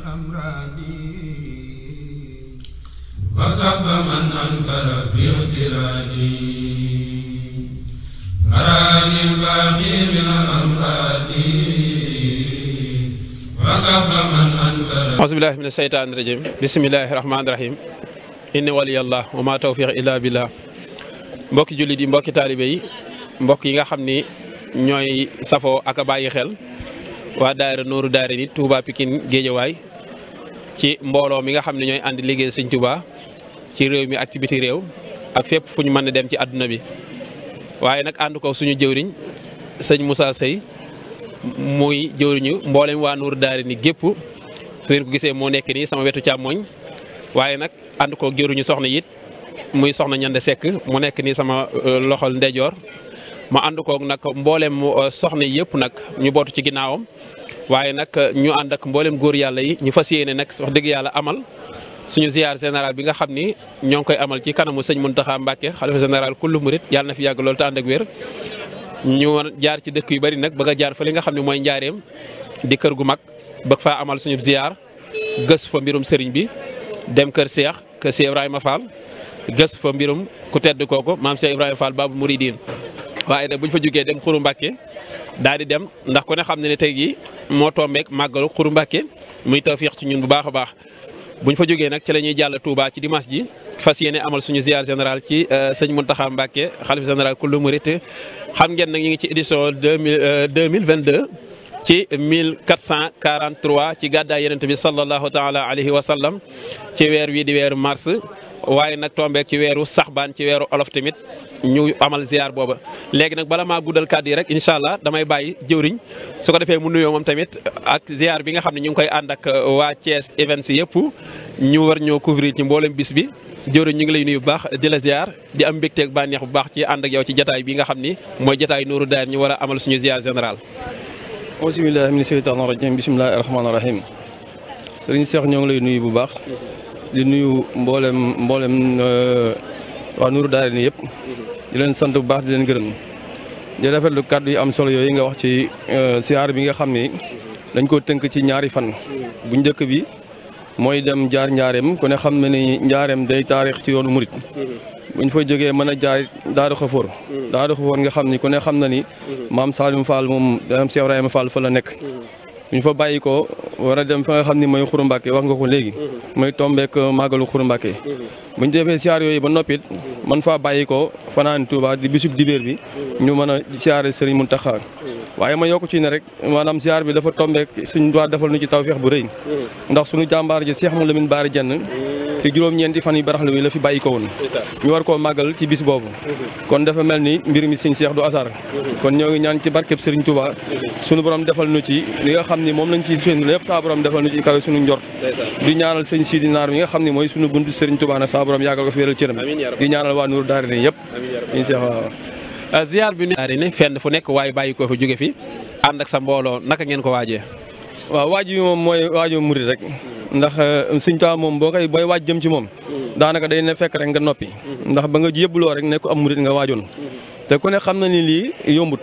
وكب من أنكر باعتراضي أراني الباقي من الأمراض وكب من أنكر أعوذ بالله من الشيطان الرجيم بسم الله الرحمن الرحيم إن ولي الله وما توفيق إلا بالله mbokki jullit yi mbokki taalibe yi mbokk yi nga xam ni ñooy safoo ak a bàyyi xel waa daayira nooru daayira ni Touba Pikine Géejawaay ci mbooloo mi nga xam ne ñooy ànd liggéey sëñ Tuubaa ci réew mi activité réew ak fépp fu ñu mën a dem ci àdduna bi waaye nag ànd ko suñu jëwriñ sëñ Moussa Seye muy jëwriñu mboolem waa nuur Daari ni gépp su ngeen ko gisee moo nekk nii sama wetu càmmooñ waaye nag ànd ko jëwriñu soxna yit muy soxna ñande sekk mu nekk nii sama euh, loxol ndeyjoor ma ànd kook nag mboolem euh, soxna yëpp nag ñu bootu ci ginnaawam waaye nag euh, ñu ànd ak mboolem góor yàlla yi ñu fas yéene nag wax dëgg yàlla amal suñu ziar général bi nga xam ni ñoo ngi koy amal ci kanamu sëñ mun Mountakha Mbacké xalifa général kullu murit yàlla na fi yàgg loolu te ànd ak wér ñu jaar ci dëkk yu bari nag bëgg a jaar fa li nga xam ne mooy njaareem di kër gu mag bëgg faa amal suñu ziar gës fa mbirum sëriñ bi dem kër Seex kër Seex Ibrahima Fall gës fa mbirum ku tedd kooku maam Seex Ibrahima Fall Babu Mouridine daal dem ndax ku ne xamne ne tay gi mo moo tombeek màggalu Xuru Mbàkke muy tawfiq ci ñun bu baaxa baax buñ fa joggé nak ci lañuy jàll Touba ci dimanche ji fasiyene amal suñu ziar général ci sëñ muntaha mbake xalif général kullu murit xam ngeen nak ñi ngi ci édition 2022 ci 1443 ci gadda yenen tabi sallallahu taala alayhi wa sallam ci wèr wi di wèr mars waye nak tombeek ci wèru saxban ci wèru olof tamit. ñu amal ziar boba léegi nak bala ma guddal kaddi rek inshallah damay bayyi jeuwriñ su ko mu nuyo mom tamit ak ziar bi nga xamni ñu ngi koy and ak wa ties events yépp ñu war ñoo couvrir ci mboolem bis bi jeuwriñ ñu ngi lay nuyu baax di la ziar di am ak banex bu baax ci and ak yow ci jotaay bi nga xamni ni jotaay nuru Nourou ñu wara amal suñu ziar général auzu billahi mina sheytaani rajim bismillahir rahmanir rahim serigne Cheikh ñu ngi lay nuyu bu baax di nuyu mboolem mboolem euh, wa nuru Daayir ni yëpp di leen sant bu baax di leen gërëm di rafetlu kàddu yi am solo yooyu nga wax ci euh, siyaar bi nga xam ni dañ koo tënk ci ñaari fan. bu njëkk bi mooy dem jaar njaareem ku ne xam na ni njaareem day taarix ci yoonu murit bu ñu fa jógee mën a jaar Daaru Xafoor Daaru Xafoor nga xam ni ku ne xam na ni mm-hmm. maam Saloum Fall moom maam Cheikh Ibrahima la nekk. ñu fa bàyyi ko a dem fa nga xam ni mooy Xuru Mbàkke wax nga ko léegi mhm. mooy tombeek euh, màggalu Xuru bu ñu defee siyaar yooyu ba noppit man faa bàyyi ko fanaan Tuuba di bisub dibéer bi mhm. ñu man a siyaare Sëriñ Muntaxa mhm. waaye ma yokku ci ne rek maanaam siyaar bi dafa tombeek suñ waa defal nu ci taw tawfeex bu rëy ndax suñu jàmbaar ji Seex Mu Lamin Baari Jenn te juróom-ñeenti fan yu baraxlu bi la fi bàyyi ko woon ñu war koo màggal ci bis boobu mm-hmm. kon dafa mel ni mbir mi sëñ Seex du asar mm-hmm. kon ñoo ngi ñaan ci barkeb Sëriñ Tuuba mm-hmm. sunu borom defal nu ci li nga xam ni moom lañ ci seen lépp saa borom defal nu ci kawe sunu njort di ñaanal sëñ Sidi Naar mi nga xam ni mooy sunu buntu Sëriñ Tuuba nag saa borom yàggal ko fi wéral cëram di ñaanal waa Nuuru Daara ni yëpp sëñ Seex waaw ah, ziar bi daari ni fenn fu nekk waaye bàyyi ko fa jóge fi ànd ak sa mbooloo naka ngeen ko waajee waaw waaj bi moom mooy waajoo murit rek ndax eh, Sëñ Tuubaa moom boo koy booy waaj jëm ci moom daanaka day ne fekk rek nga noppi ndax ba nga yëbbuloo rek nekk am murit nga waajoon te ku ne xam na ni lii yombut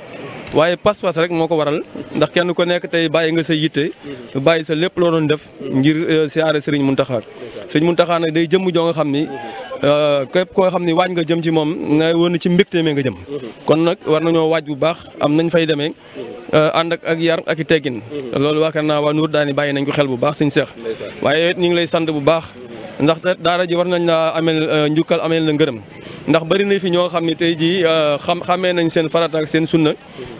waaye pas-pas rek moo ko waral ndax kenn ku nekk tey bàyyi nga sa yitte bàyyi sa lépp loo doon def ngir eh, siyaare Sëriñ Muntaxa Sëriñ Muntaxa nag day jëmm joo nga xam ni eh, képp koo xam ni waaj nga jëm ci moom na woon ci mbégte me nga jëm kon nag war nañoo waaj bu baax am nañ fay demee Euh, ànd ak ak yar ak teggin mhm. loolu waakar naa waa nuur daani bàyyi nañ ko xel bu baax suñ seex waaye ñu ngi lay sant bu baax ndax daara ji war nañ la amel euh, njukkal amel la ngërëm ndax bari na fi ño xamni tay ji xam euh, xamé nañ seen farat ak seen sunna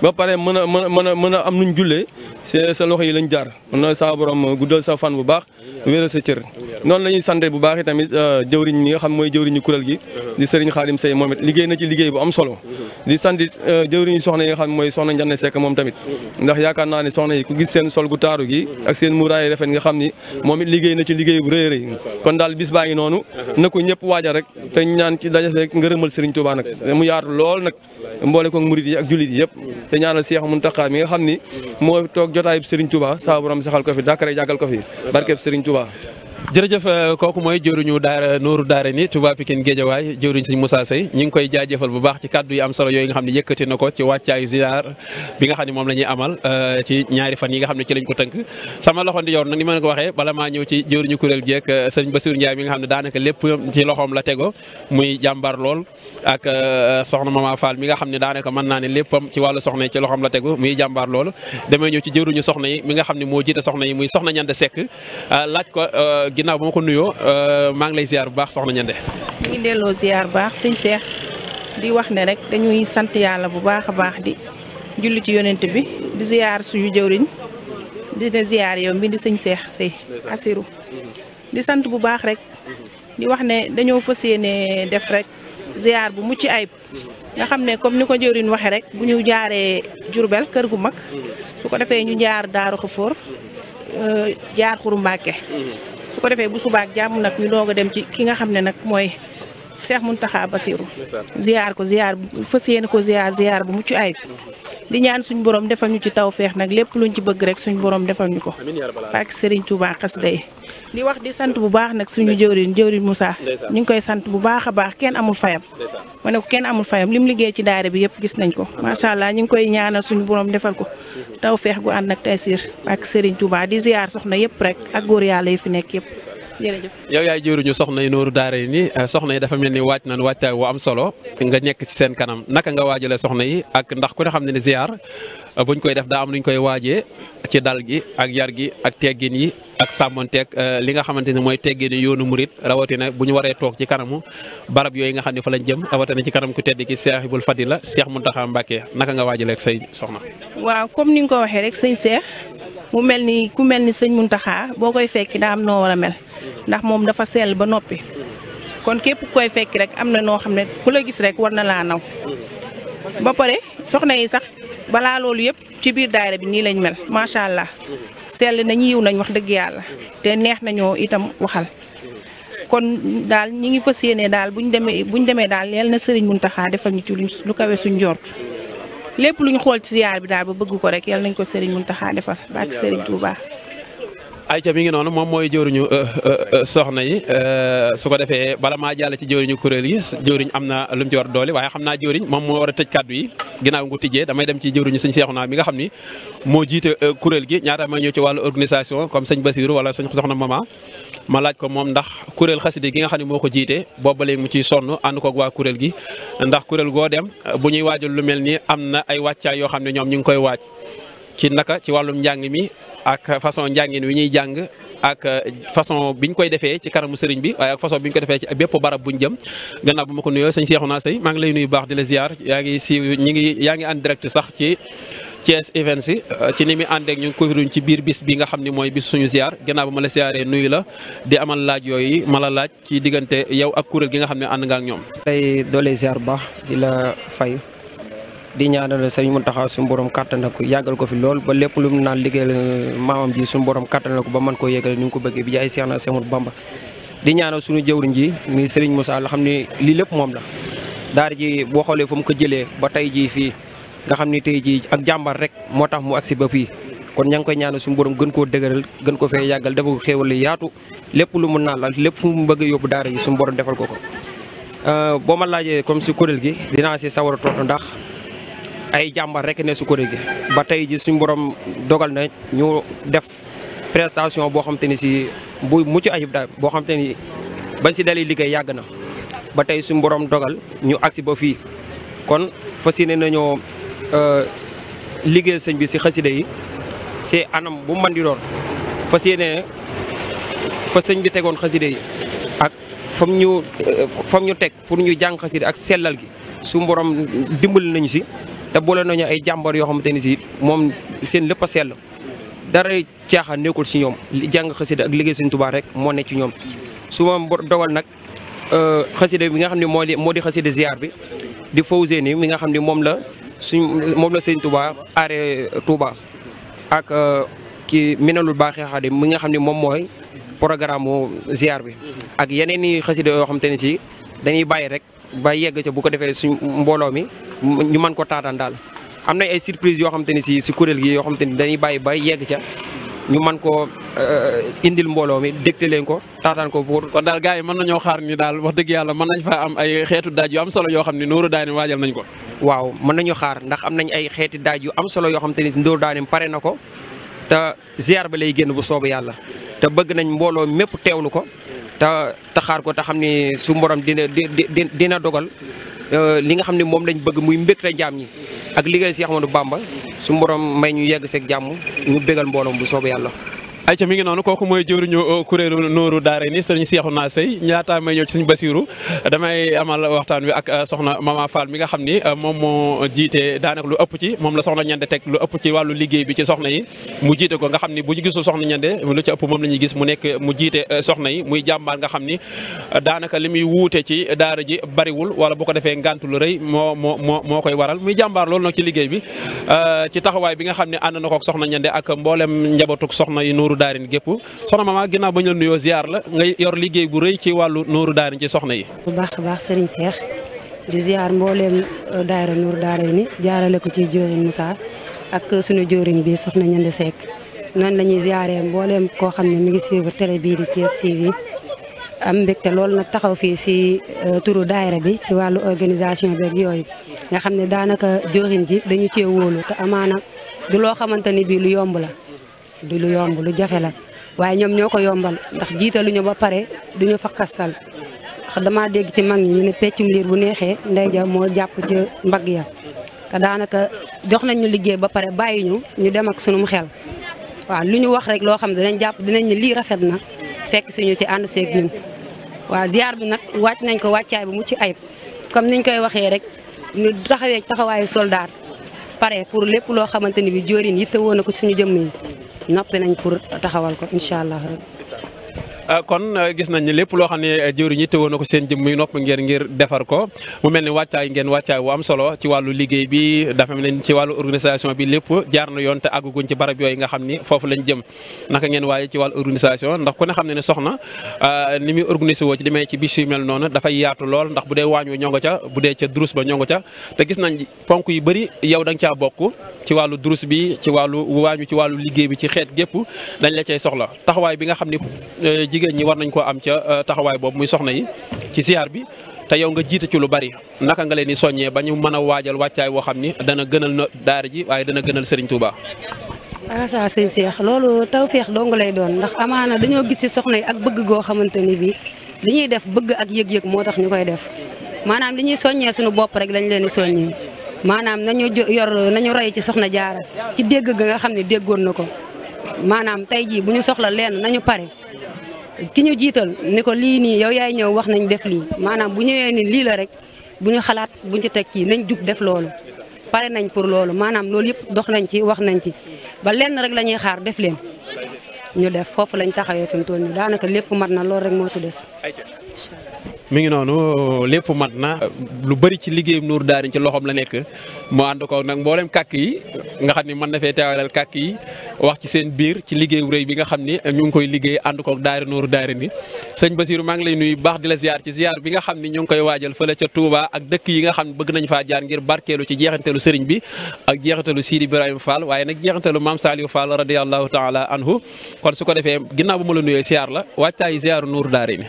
ba pare mëna mëna mëna am nuñ jullé sa sa loxo yi lañ jaar mën na borom guddal sa fan bu baax wéral sa cër non lañuy santé bu baax itamit euh, jëwriñ mi nga xam mooy jëwriñu gi di sëriñ khalim Sey momit it liggéey na ci liggéey bu am solo di santé euh, jëwriñu soxna yi nga xam moy soxna Njanne sék mom tamit ndax yaakaar naa soxna yi ku gis seen sol gu taaru gi ak seen muraay rafet nga xamni momit moom liggéey na ci liggéey bu reey reey kon dal bis baangi nonu nako ñepp ko rek ñaan ci dajé rek ngërëmal Serigne Touba nag mu yaatu lool nag mboole ko murid yi ak jullit yi yëpp te ñaanal Cheikh Mountakha mi nga xam ni moo toog jotaayub Serigne Touba saa borom saxal ko fi dàkkare jàggal ko fi barkeb jërëjëf euh, kooku mooy jëwriñu daara Nuuru daara ni Touba Pikine Guédiawaay jëwriñ sëñ Moussa Seye ñu ngi koy jaajëfal bu baax ci kàddu yi am solo yooyu nga xam ne yëkkati ko ci wàccaayu ziar nga xam ne moom la ñuy amal euh, ci ñaari fan yi nga xam ne ci lañ ko tënk sama loxo ndi yor nag ni ma ko waxee bala ñëw ci jëwriñu kuréel gi ak euh, sëñ Bassirou Ndiaye mi ne daanaka lépp ci loxoom la tego muy jàmbar lool ak soxna Mama Fall mi nga xam ne daanaka mën naa ne léppam ci wàllu soxna yi ci loxoom la tegu muy jàmbaar lool damay ñëw ci jëwriñu soxna yi mi nga xam ne moo jiite soxna yi muy soxna ñand Seck laaj ko ginnaaw ba ma ko nuyoo euh, maa ngi lay ziar bu baax soxna ñende ñu ngi delloo ziar bu baax sëñ seex di wax ne rek dañuy sant yàlla bu baax a baax di julli ci yonent bi di ziar suñu jëwriñ di ne ziar yow sëñ Cheikh Seye Assirou di sant bu baax rek di wax ne dañoo fas yéene def rek ziar bu mucc ayib nga xam ne comme ni ko jëwriñ waxee rek bu ñu jaaree Jurbel kër gu mag su ko defee ñu jaar Daaru Xafoor euh, jaar Xuru su ko defee bu subaak jàmm nag ñu doog a dem ci ki nga xam ne nag mooy Cheikh taxa Bassirou ziar ko ziar fas yéene ko ziar ziar bu mucc ayib di ñaan suñ borom defal ñu ci taw feex nag lépp luñ ci bëgg rek suñ borom defal ñu ko ak Serigne Touba xas day di wax di sant bu baax nag suñu jëwriñ jëwriñ Moussa ñu ngi koy sant bu baax a baax kenn amul fayam ma ne ko kenn amul fayam li mu liggéey ci daare bi yëpp gis nañ ko macha allah ñu ngi koy ñaanal suñu borom defal ko mhm. taw feex gu ànd ak taysiir ak Serigne Touba di ziar soxna yëpp rek ak góor yàlla yi fi nekk yëpp jërëjëf yow yaay jëruñu soxna yi nooru daara yi ni eh, soxna yi dafa melni ni waaj nan waajtaay wu am solo nga ñek ci seen kanam naka nga soxna yi ak ndax ku ne xamni ni ziar eh, buñ koy def da am luñ koy waajee ci dal gi ak yar gi ak teggin yi ak ak eh, li nga xamanteni moy mooy yoonu mourid rawatina na buñu waré tok ci kanamu barab yoy nga xamni fa lañ jëm na ci kanam ku tedd ki ibul Fadila cheikh muntaha Mbàkke naka nga ak say soxna waaw comme ni ko waxé rek cheikh mu melni ku melni ni muntaha bokoy fekk da am no wara mel ndax moom dafa sell ba noppi kon képp koy fekki rek am na noo xam ne ku la gis rek war na laa naw ba pare soxna yi sax balaa loolu yëpp ci biir daayira bi nii lañ mel macha allah sell nañu yiw nañ wax dëgg yàlla te neex nañoo itam waxal kon daal ñi ngi fas yéene daal buñ demee buñ demee daal yal na sëriñ Muntaxa defal ñu ci lu kawe suñ njort lépp ñu xool ci ziyaar bi daal ba bëgg ko rek yal nañ ko sëriñ Muntaxa defal ba ak sëriñ Tuubaa ay ca mi ngi noonu moom mooy jëwriñu euh, euh, euh, soxna yi su ko defee bala maa jàll ci jëwriñu kuréel yi jëwriñ am na lu mu ci war doole waaye xam naa jëwriñ moom moo war a tëj kàddu yi ginnaaw ngu tijjee damay dem ci jëwriñu sëñ naa mi nga xam ni moo jiite kuréel gi ñaata may ñëw ci wàllu organisation comme sëñ Basiru wala sëñ soxna Mama ma laaj ko moom ndax kuréel xasida gi nga xam ne moo ko jiite booba léegi mu ciy sonn ànd koog waa kuréel gi ndax kuréel goo dem bu ñuy waajal lu mel ni am na ay wàccaay yoo xam ne ñoom ñu ngi koy waaj ci naka ci wàllum njàng mi ak façon njàngin wi ñuy jàng ak euh, façon ñu koy defee ci kanamu sëriñ bi waaye ak façon ñu koy defee ci bépp barab buñ jëm gannaaw bu ma ko nuyoo sëñ Cheikhouna Seye maa ngi lay nuyu baax di la ziar yaa ngi si ñi ngi yaa ngi en direct sax ci Thiès Events euh, ci ni mu àndeek ñu ngi couvrir ci biir bis bi nga xam ni mooy bis suñu ziar gannaaw bu ma la ziaree nuyu la di amal laaj yooyu ma la laaj ci diggante yow ak kuréel gi nga xam ne ànd nga ak ñoom. lay doole ziar baax la fay. di ñaanal sëriñ Mountakha suñu borom kàttan na ko yàggal ko fi lool ba lépp lu mu naan liggéeyal maamam ji suñu borom kàttan na ko ba mën koo yëgale ni mu ko bëggee jaay Seex na Seex Bamba di ñaanal suñu jëwriñ ji muy sëriñ Moussa la xam ne lii lépp moom la daara ji boo xoolee fu mu ko jëlee ba tey jii fii nga xam ne tey jii ak jàmbar rek moo tax mu agsi ba fii kon ña ngi koy ñaanal suñu borom gën koo dëgëral gën ko fee yàggal dafa ko xéewal yaatu lépp lu mu naan la lépp fu mu bëgg yóbbu daara ji suñu borom defal ko ko euh, boo ma laajee comme si kuréel gi dinaa si sawar a tontu ndax ay jàmbar rek ne Soucouré gi ba tey ji suñu borom dogal na ñu def prestation boo xam te ni si buy mucc ayib daal boo xam te ni bañ si dalee liggéey yàgg na ba tey suñu borom dogal ñu agsi ba fii kon fas yéene nañoo euh, liggéey sëñ bi si xasida yi si anam bu man di doon fas yéene fa sëñ bi tegoon xasida yi ak fam ñu euh, fam ñu teg pour ñu jàng xasida ak sellal gi su borom dimbali nañu si te boole nañu ay jàmbar yoo xamante ni si moom seen lépp a sell dara caaxaan nekkul si ñoom jàng xasida ak liggéey Sëñ Tuubaa rek moo nekk ci ñoom su ma dogal nag euh, xasida bi nga xam ne moo di moo di xasida ziar bi di Fawzeyni mi nga xam ne moom la suñ moom la Sëñ Tuubaa aare Tuubaa ak euh, ki minalul baaxee xaadim mi nga xam ni moom mooy programme ziar bi ak yeneen i xasida yoo xamante ni si dañuy bàyyi rek ba yegg ca bu ko defee suñ mbooloo mi ñu mën ko taataan daal am na ay surprise yoo xam te ne si si kuréel gi yoo xam te ni dañuy bàyyi ba yegg ca ñu mën koo euh, indil mbooloo mi dégte leen ko taataan ko pour. kon daal gars yi mën nañoo xaar ni daal wax dëgg yàlla mën nañ faa am ay xeetu daaj yu am solo yoo xam ne Nooru Daane waajal nañ ko. waaw mën nañu xaar ndax am nañ ay xeeti daaj yu am solo yoo xam te ni si Nooru Daane pare na ko te ziar ba lay génn bu soobu yàlla te bëgg nañ mbooloo mépp teewlu ko ta te xaar ko ta xam ni su mborom dina dina dogal euh, li nga xam ni moom lañ bëgg muy mbégte njaam ñi ak liggéey si Ahmadou bàmba su mborom may ñu yegg seeg jàmm ñu bégal mbooloom bu soobee yàlla. ayca mi ngi noonu kooku mooy jëwriñu euh, kuréelu Nooru Daare ni sëriñ Seexuna Sey ñaataa may ñëw ci sëriñ Basiru damay amal waxtaan wi ak euh, soxna ma Mama Fall mi nga xam ni euh, moom moo jiite daanaka lu ëpp ci moom la soxna ñande teg lu ëpp ci wàllu liggéey bi ci soxna yi mu jiite ko nga xam ni bu ñu gisul soxna ñande lu ci ëpp moom la ñuy gis mu nekk mu jiite soxna yi muy jàmbaar nga xam ni daanaka li muy wuute ci daara ji bariwul wala boo ko defee ngànt lu rëy moo moo moo moo koy waral muy jàmbaar loolu nag ci liggéey bi ci taxawaay bi nga xam ne ànd na kook soxna ñande ak mboolem njabootug soxna yi Nooru daarin gépp soxna mama ginnaaw ba ñu la nuyoo ziar la nga yor liggéey bu rëy ci wàllu nooru daarin ci soxna yi. bu baax baax Serigne Cheikh di ziar mbooleem euh, daayira nooru daara ni jaarale ko ci jëwriñ musaa ak sunu jëwriñ bi soxna Ñande Seck noonu la ñuy ziaree mbooleem koo xam ne mu ngi suivre télé bii di Thiès TV am mbégte loolu nag taxaw fii si euh, turu daayira bi ci wàllu organisation bi ak yooyu nga xam ne daanaka jëwriñ ji dañu cee wóolu te amaana du loo xamante ni bii lu yomb la. du lu yomb lu jafe la waaye ñoom ñoo ko yombal ndax jiital lu ñu ba pare duñu fakkastal dama dégg ci mag ñi ñu ne peccum liir bu neexee ndey ja moo jàpp ci mbagg ya te daanaka jox nañ ñu liggéey ba pare bàyyi ñu ñu dem ak sunum xel waaw lu ñu wax rek loo xam ne jàpp dinañ lii rafet na fekk suñu ci ànd seeg ñun waaw ziar bi nag wàcc nañ ko wàccaay bu ci ayib comme niñ koy waxee rek ñu taxawee taxawaayu soldaar pare pour lépp loo xamante ni bi jóorin yitte woon na ko suñu jëmm yi noppi nañ pour taxawal ko incha allah. Euh, kon euh, gis nañ lépp loo xam ne euh, jëwriñ ñi teewoon na ko seen jëm muy nopp ngeen ngir defar ko mu mel ni wàccaay ngeen wàccaay bu am solo ci wàllu liggéey bi dafa mel ni ci wàllu organisation bi lépp jaar na yoon te àgguguñ ci barab yooyu nga xam ni foofu lañ jëm naka ngeen waaye ci wàllu organisation ndax ku ne xam ne ne soxna ni muy organisé woo ci demee ci bis yu mel noonu dafay yaatu lool ndax bu dee waañ wa ñongo ca bu dee ca durus ba ñongo ca te gis nañ ponk yi bëri yow da nga caa bokk ci wàllu durus bi ci wàllu waañu ci wàllu liggéey bi ci xeet gépp dañ la cay soxla jigéen ñi war nañ ko am ci euh, taxaway boobu muy soxna yi ci ziar bi te yow nga jité ci lu bari naka nga leen di soññee ba ñu mën a waajal wàccaay dana gënal daara ji waye dana gënal Serigne Touba. ah asa sëñ Cheikh tawfiq do nga lay doon ndax amana dañu gis ci soxna yi ak bëgg go xamanteni bi bii li ñuy def bëgg ak yëg-yëg motax ñukoy def manam li ñuy soññee suñu bop rek lañ leen di soññee maanaam nañu yor nañu ray ci soxna jaara ci dégg ga nga xamni déggon nako manam tay ji buñu soxla leen nañu paré ki ñu jiital ni ko lii nii yow yaay ñëw wax nañ def lii maanaam bu ñëwee ni lii la rek bu ñu xalaat bu ñu teg kii nañ jug def loolu pare nañ pour loolu maanaam loolu yëpp dox nañ ci wax nañ ci ba lenn rek la ñuy xaar def leen ñu def foofu lañ taxawee fi mu toll nii daanaka lépp mat na loolu rek moo ci des. mi ngi noonu lépp mat na lu bëri ci liggéeyam Nour Daari ci loxoom la nekk mu ànd ko nag mboolem kàkk yi nga xam ni man na fee teewalal kàkk yi wax ci seen biir ci liggéey bu rëy bi nga xam ni ñu ngi koy liggéey ànd koog Daari Nour Daari ni sëñ Basiru maa ngi lay nuyu baax di la ziar ci ziar bi nga xam ni ñu ngi koy waajal fële ca Touba ak dëkk yi nga xam ne bëgg nañ faa jaar ngir barkeelu ci jeexantalu sëriñ bi ak jeexantalu Sidi Ibrahima Fall waaye nag jeexantalu Maam Saliou Fall radiyallahu taala anhu kon su ko defee ginnaaw bu ma la nuyee ziar la waajtaayu ziaru Nour Daari ni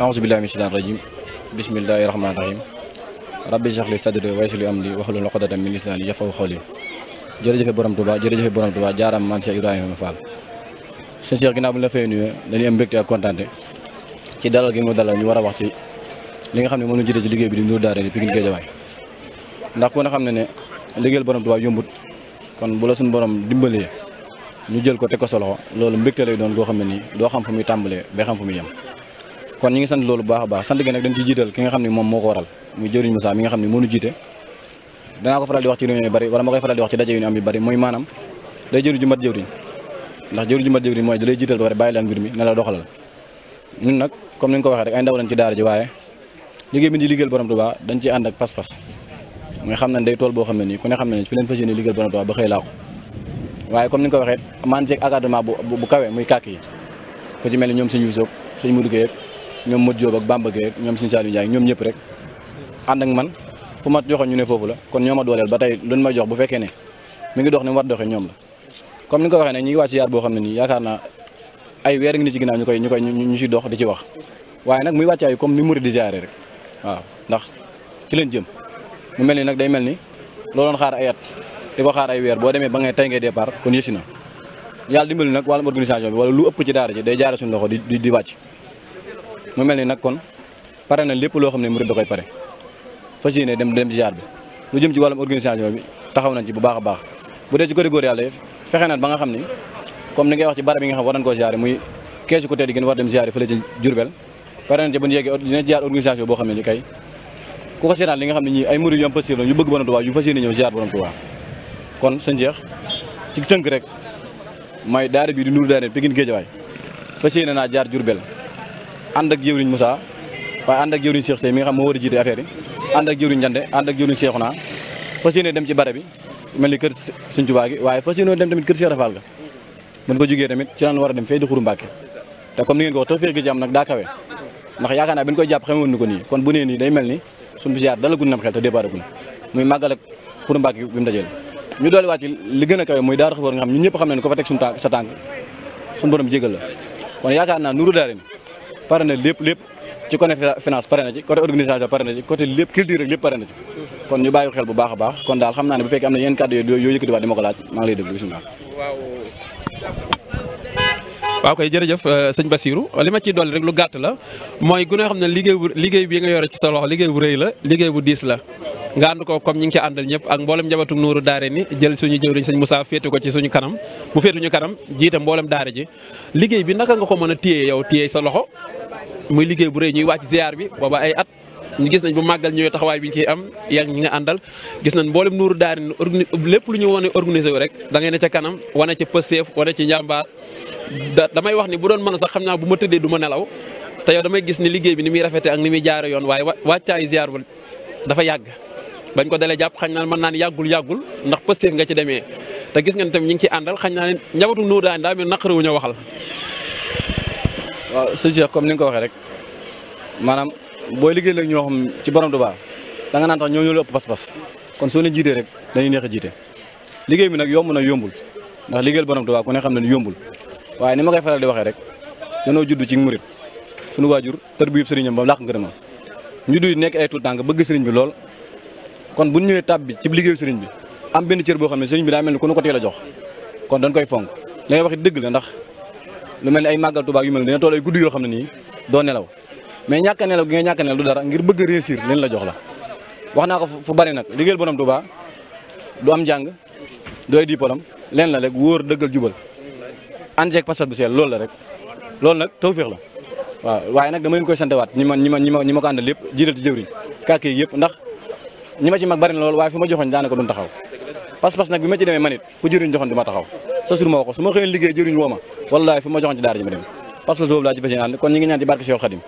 أعوذ بالله من الشيطان الرجيم بسم الله الرحمن الرحيم ربي اشرح لي صدري ويسر لي أمري واحلل عقدة من لساني يفقهوا قولي jërëjëf borom Touba jërëjëf borom Touba jaaram maam Cheikh Ibrahima Fall sëñ Cheikh ginnaaw bi la fay nuyoo dañuy am mbégte ak kontaante ci dalal gi mu dalal ñu war a wax ci di Ndour Daara di Pikine Guédiawaye ndax ku ne xam ne ne liggéeyal borom Touba yombut kon bu la suñu borom dimbalee ñu jël ko teg ko sa loxo loolu mbégte lay doon kon ñi ngi sant loolu baax a baax sant gi nag dañ ci jiital ki nga xam ne moom moo ko waral muy jëriñ Moussa mi nga xam ne mënu jiite danaa ko faral di wax ci réunion yu bari wala ma koy faral di wax ci dajé yu ñu am yu bari muy maanaam day jëriñ ju mat jëriñ ndax jëriñ ju mat jëriñ mooy da lay jiital ba pare bàyyi la mbir mi ne la doxalal ñun nag comme ni nga ko waxee rek ay ndaw lañ ci daara ji waaye liggéey bi liggéeyal borom Tuubaa dañ ci ànd ak pas-pas mooy xam nañ day tool boo xam ne nii ku ne xam ne fi leen fas yéene borom Tuubaa ba xëy laa ko waaye comme ni nga ko waxee man ceeg akadama bu kawe muy kàkk yi ku ci mel ni ñoom sëñ Yuusuf sëñ ñoom Modou Diop ak Bamba Gueye ñoom Sëñ Saliou Ndiaye ñoom ñëpp rek ànd ak man fu ma joxoon ñu ne foofu la kon ñoo ma dooleel ba tey luñ may jox bu fekkee ne mi ngi dox ni mu war ñoom la comme ni ko waxee ne ñu ngi wàcc boo xam ne nii yaakaar naa ay weer ngi ni ñu koy ñu ñu ci dox di ci wax waaye nag muy wàccaay comme ni murid di ziare rek waaw ndax ci leen jëm mu mel ni nag day mel ni loo doon xaar a at di ko xaar ay weer boo demee ba ngay tey ngay départ kon yësi na yàlla dimbali nag wàllum organisation bi wala lu ëpp ci daara ji day jaare suñu loxo di di wàcc mu mel ni nag kon pare na lépp loo xam ne murid da koy pare fa yéene dem dem ziar bi lu jëm ci wàllum organisation bi taxaw nañ ci bu baax a baax bu dee ci côté góor yàlla fexe na ba nga xam ne comme ni nga wax ci barab yi nga xam war nañ koo ziar muy keesu côté di gën war dem ziar fële ci Jurbel pare nañ ci bu ñu yeggee dina ziar organisation boo xam ne ni kay ku ko seetaan li nga xam ne ñi ay murid yu am possible yu bëgg borom Tuubaa yu fas yéene ñëw ziar borom kon sa jeex ci tënk rek may daara bi di nuuru daara Pikine Géejawaay fas yéene naa jaar Jurbel ànd ak jëwriñ Moussa waaye ànd ak jëwriñ Cheikh Seye mi nga xam moo war a jiite affaire yi ànd ak jëwriñ Njande ànd dem ci bare bi mel ni kër Sëñ Tuubaa gi waaye fas yéene dem tamit kër Cheikh Rafal ga buñ fa jógee tamit ci lan war a dem fay di xuru te comme ni ngeen ko wax tax féeg ci am nag daa kawe ndax yaakaar naa bi jàpp xamee woon ko nii kon bu nee nii day mel ni suñu bis yaar dalagun nam xel te départ agun muy màggal ak xuru Mbàkke bi mu ñu doole waat ci li gën a kawe muy daar xafoor nga xam ñun ñëpp xam nañ ko fa teg suñu sa tànk suñu borom jégal la kon yaakaar naa nuru daarin pare na lépp lépp ci côté finance pare na ci côté organisation pare na ci côté lépp culture rek pare na ci kon ñu bàyyi xel bu baax a baax kon daal xam naa ne bu fekkee am na yeneen kàddu yooyu yëkkatiwaat di ma ko laaj maa ngi lay déglu waaw koy jërëjëf euh, sëñ Basirou li ma ciy dolli rek lu gàtt la mooy gu nga xam ne liggéey bu liggéey bi nga yore ci sa loxo liggéey bu rëy la liggéey bu diis la nga ànd ko comme ñi ngi ci àndal ñëpp ak mboolem njabootu Nuuru Daare ni jël suñu jëwriñ sëñ musa féete ko ci suñu kanam mu féete ñu kanam jiite mboolem daare ji liggéey bi naka nga ko mën a téye yow téye sa loxo muy liggéey bu rëy ñuy wàcc ziar bi booba ay at ñu gis nañ bu màggal ñooy taxawaay bi ñu ciy am yaa nga àndal gis nañ mboolem nuuru daari lépp lu ñu wane organisé wu rek da ngay ne ca kanam wane ca pësteef wane ci njàmbaar damay wax ni bu doon mën a sax xam naa bu ma tëddee du ma nelaw te yow damay gis ni liggéey bi ni muy rafetee ak ni muy jaare yoon waaye wàccaayu ziar ba dafa yàgg bañ ko dalee jàpp xañ naa man naa ne yàggul yàggul ndax pësteef nga ci demee te gis ngeen tamit ñu ngi ciy àndal xañ naa ne njabootu nuuru daari daa mel naqari wu waxal waaw sëñ comme ni nga ko waxee rek boo liggéey léegi ñoo ci borom Tuubaa da nga naan tax ñoo ñoo la ëpp pas-pas kon soo leen jiitee rek dañuy neex a jiite liggéey bi nag yomb na yombul ndax liggéeyal borom Tuubaa ku ne xam ne yombul waaye ni ma koy faral di waxee rek danoo judd ci murit suñu waajur tër bu yëpp sëriñam ba làq ngërëmam ñu duy nekk ay tuut tànk bëgg sëriñ bi lool kon bu ñu ñëwee tab bi ci liggéeyu sëriñ bi am benn cër boo xam ne sëriñ bi daa mel ni ku ko teel a jox kon dañ koy fonk li ngay wax dëgg la ndax lu mel ni ay màggal Tuubaa yu mel ni dina toll ay guddi yoo xam ne nii doo nelaw mais ñàkk la gi nga ñàkk lu dara ngir bëgg réussir lén la jox la wax naa ko fu bari nak ligël borom Touba du am jang doy ay diplôme lén la rek woor deugal jubal ande ak passeport bu seel lool la rek lool nak tawfiq la wa waye nak dama leen koy santé wat ñima ñima ñima ñima ko àndal lepp jidal ci jëwriñ ndax ñima ci mag bari lool waye fuma taxaw pas-pas nak bima ci démé manit fu jëriñ joxoon duma taxaw so sur moko suma ko su liggéey jëriñ woma wallahi fuma fu ci daara ji ma dem pas-pas bobu la ci fas kon ñi ngi ñaan di barké Cheikh Khadim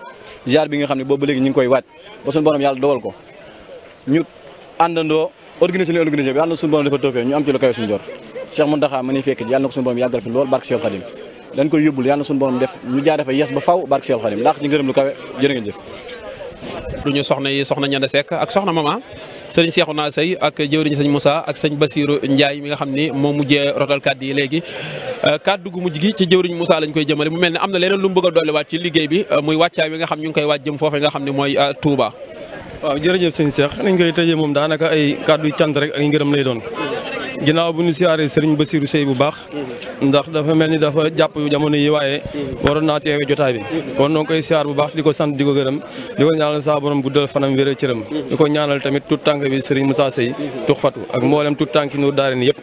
ziar bi nga xam ne boobu léegi ñu ngi koy waaj ba suñu borom yàlla dogal ko ñu àndandoo organisé li organisé bi na suñu borom dafa tawfeex ñu am ci lu kawe suñu jor Cheikh Mountakha ko suñu borom yàggal fi lool barke Cheikh Khadim dañ koy yóbbul yàlla na suñu borom def ñu jaar dafa yees ba faw barke Cheikh Khadim laax ci ngërëm lu kawe jërë ngeen jëf duñu soxna yi soxna mama sëriñ na Seye ak jëwriñ sëñ Moussa ak sëñ Basirou Ndiaye mi nga xam ni moo mujjee rotal kàddu yi léegi euh, kàddu gu mujj gi ci jëwriñ musa lañ koy jëmale mu mel ne am na leneen lu mu bëgg a dolliwaat ci liggéey bi euh, muy wàccaay wi nga xam ñu koy waaj jëm foofe nga xam ne mooy euh, Touba waaw jërëjëf sëñ Cheikh nañ koy tëjee moom daanaka ay kàddu cant rek ak ngërëm lay doon ginnaaw bu ñu siyaaree sëriñ Bassirou Seye bu baax ndax dafa mel ni dafa jàpp jamono yi waaye waroon naa teewee jotaay bi kon noo koy siyaar bu baax di ko sant di ko gërëm di ko ñaanal saa borom guddal fanam wéral cëram ko ñaanal tamit tout tànk bi sëriñ Moussa Seye tux fatu ak mboolem tout tànk Nour Daarayni yëpp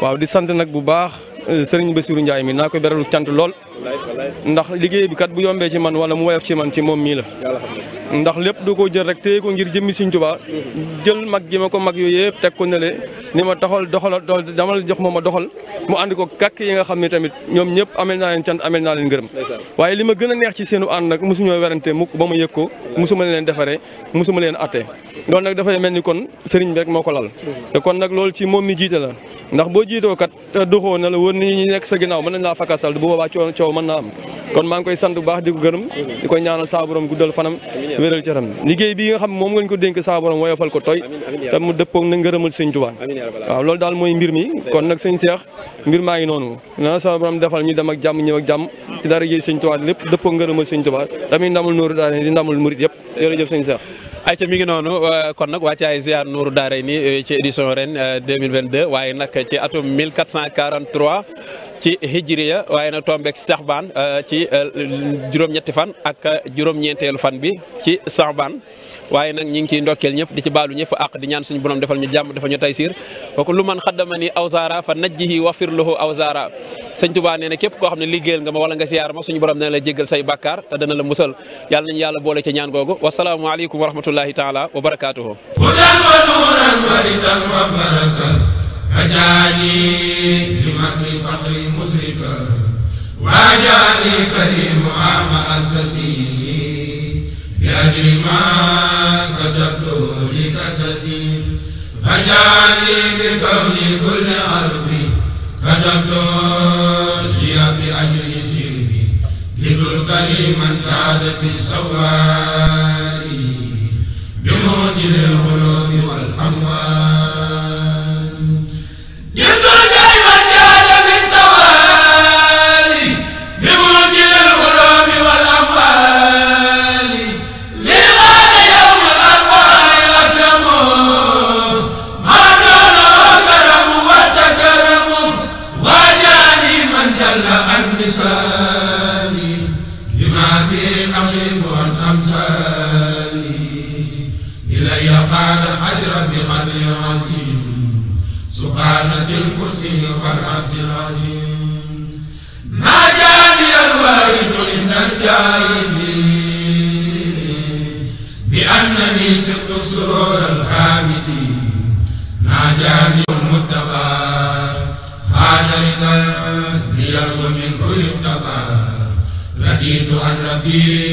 waaw di sant nag bu baax euh, sëriñ Bassirou Ndiaye mi naa koy beralu cant lool ndax liggéey bi kat bu yombee ci man wala mu woyof ci man ci moom mii la ndax lépp du ko jël rek téye ko ngir jëmmi Sëriñ Tuubaa jël mag gi ma ko mag yooyu yëpp teg ko nële ni ma doxal doxal dama jox ma ma doxal mu ànd ko kàkk yi nga xam ne tamit ñoom ñëpp amel naa leen cant amel naa leen gërëm waaye li ma gën a neex ci seenu ànd nag mosuñoo werante mukk ba ma yëg ko mosuma leen defare mosuma leen atte loolu nag dafay mel ni kon sëriñ bi rek moo ko lal te kon nag loolu ci moom mi jiite la ndax boo jiitoo kat doxoo na la wër ni ñi nekk sa ginnaaw mën nañ laa fakasal bu boobaa coow mën naa am kon maa bu baax di ko gërëm wéral ci ram liggéey bi nga xam moom nga ñu ko dénk saa borom woyofal ko toy te mu dëppoog na ngërëmal sëñ Tuubaa waaw loolu daal mooy mbir mi kon nag sëñ Seex mbir maa ngi noonu na saa defal ñu dem ak jàmm ñëw ak jàmm ci dara jëy sëñ Tuubaa lépp dëppoog ngërëmal sëñ Tuubaa tamit ndamul nooru daal di ndamul murit yëpp jërëjëf sëñ Seex ayca mi ngi noonu euh, kon nag wàcce ay ziar Nourou Daarayni euh, ci édition ren 2022 euh, waaye nag ci atum 1443 ci hijriya na tombe ak sahban euh, ci euh, jurom ñetti fan ak jurom ñentelu fan bi ci sahban waye nak ñing ci ciy ñep di ci balu ñep ak di ñaan suñu borom defal ñu jamm defal ñu taysir kooku lu man xaddama fa najjihi wa firluhu awzara señ Tuubaa neena kep ko xamne liggeel nga ma wala nga siyaar ma suñu borom neena say bakkar ta dana la yalla nañu yalla boole ci ñaan wa salaamu alaykum wa rahmatullahi taala wa barakatuh فجاني بمكر فقري مدركا وجاني كريم عام أسسي بأجر ما كتبته لكسسي فجاني بكون كل عرفي كتبته لي بأجر سيري ذكر كريما كاد في السواري بموجب القلوب والأموال عن ربي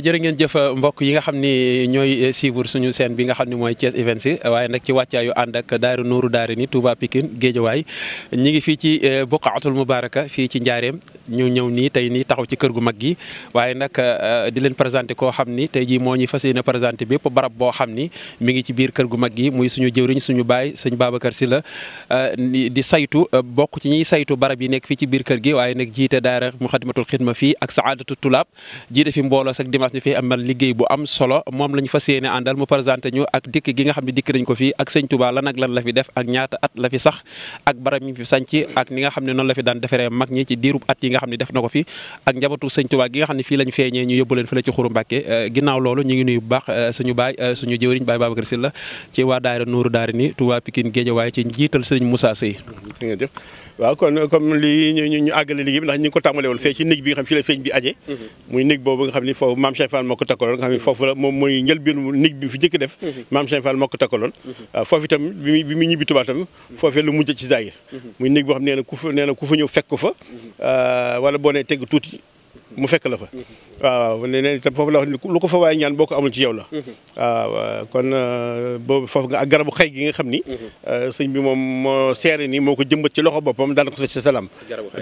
jërë ngeen jëf uh, mbokk yi nga xam ni ñooy uh, suivre suñu scène bi nga xam ni mooy Thiès Events waaye nag ci wàccaayu ànd ak daaru Nuuru daari ni Touba Pikine Géejawaay ñi ngi fii ci uh, Buqaatul Mubaraka fii ci Njaareem ñu ñëw nii tey nii taxaw ci kër gu mag gi waaye nag di leen présenté koo xam ni tey jii moo ñuy fas yéene présenté bépp barab boo xam ni mu ngi ci biir kër gu mag gi muy suñu jëwriñ suñu baay sëñ Babacar Sylla di saytu bokk ci ñuy saytu barab yi nekk fii ci biir kër gi waaye nag jiite daara Muxaddamatul Xidma fii ak Saadatu Tulaab jiite dimanche ni fii amal liggéey bu am solo moom la ñu fas yéene mu présenté ñu ak dikk gi nga xam ne dikk nañ ko fii ak sëñ Touba lan lan la def ak ñaata at la sax ak barab yi fi sanc ak ni nga xam ne noonu la daan defaree mag ñi ci diirub at yi nga xam ne def na ko fi ak njabootu sëñ Touba gi nga xam ne fii lañ feeñee ñu yóbbu leen fële ci Xuru Mbàkke eh, ginnaaw loolu ñu ngi nuyu bu baax eh, eh, ci njiital sëriñ Moussa Sey waaw kon comme lii ñu àggale liggéey bi ndax ñu ko tàmbale maam Cheikh Fall moo ko xam mhm. la moom mooy njëlbéenu néeg bi fi def mhm. Mam Cheikh Fall mhm. euh, bi lu mujj ci muy xam ku fa ku fa mu fekk la fa waaw nee na itam foofu la wax lu ko fa waaye ñaan boo ko amul ci yow la mhm. waaw kon euh, boobu foofu nga ak garabu xay gi nga xam ni mhm. euh, sëñ bi moom moo seere ni moo ko jëmbat ci loxo boppam daan ko sa ci salaam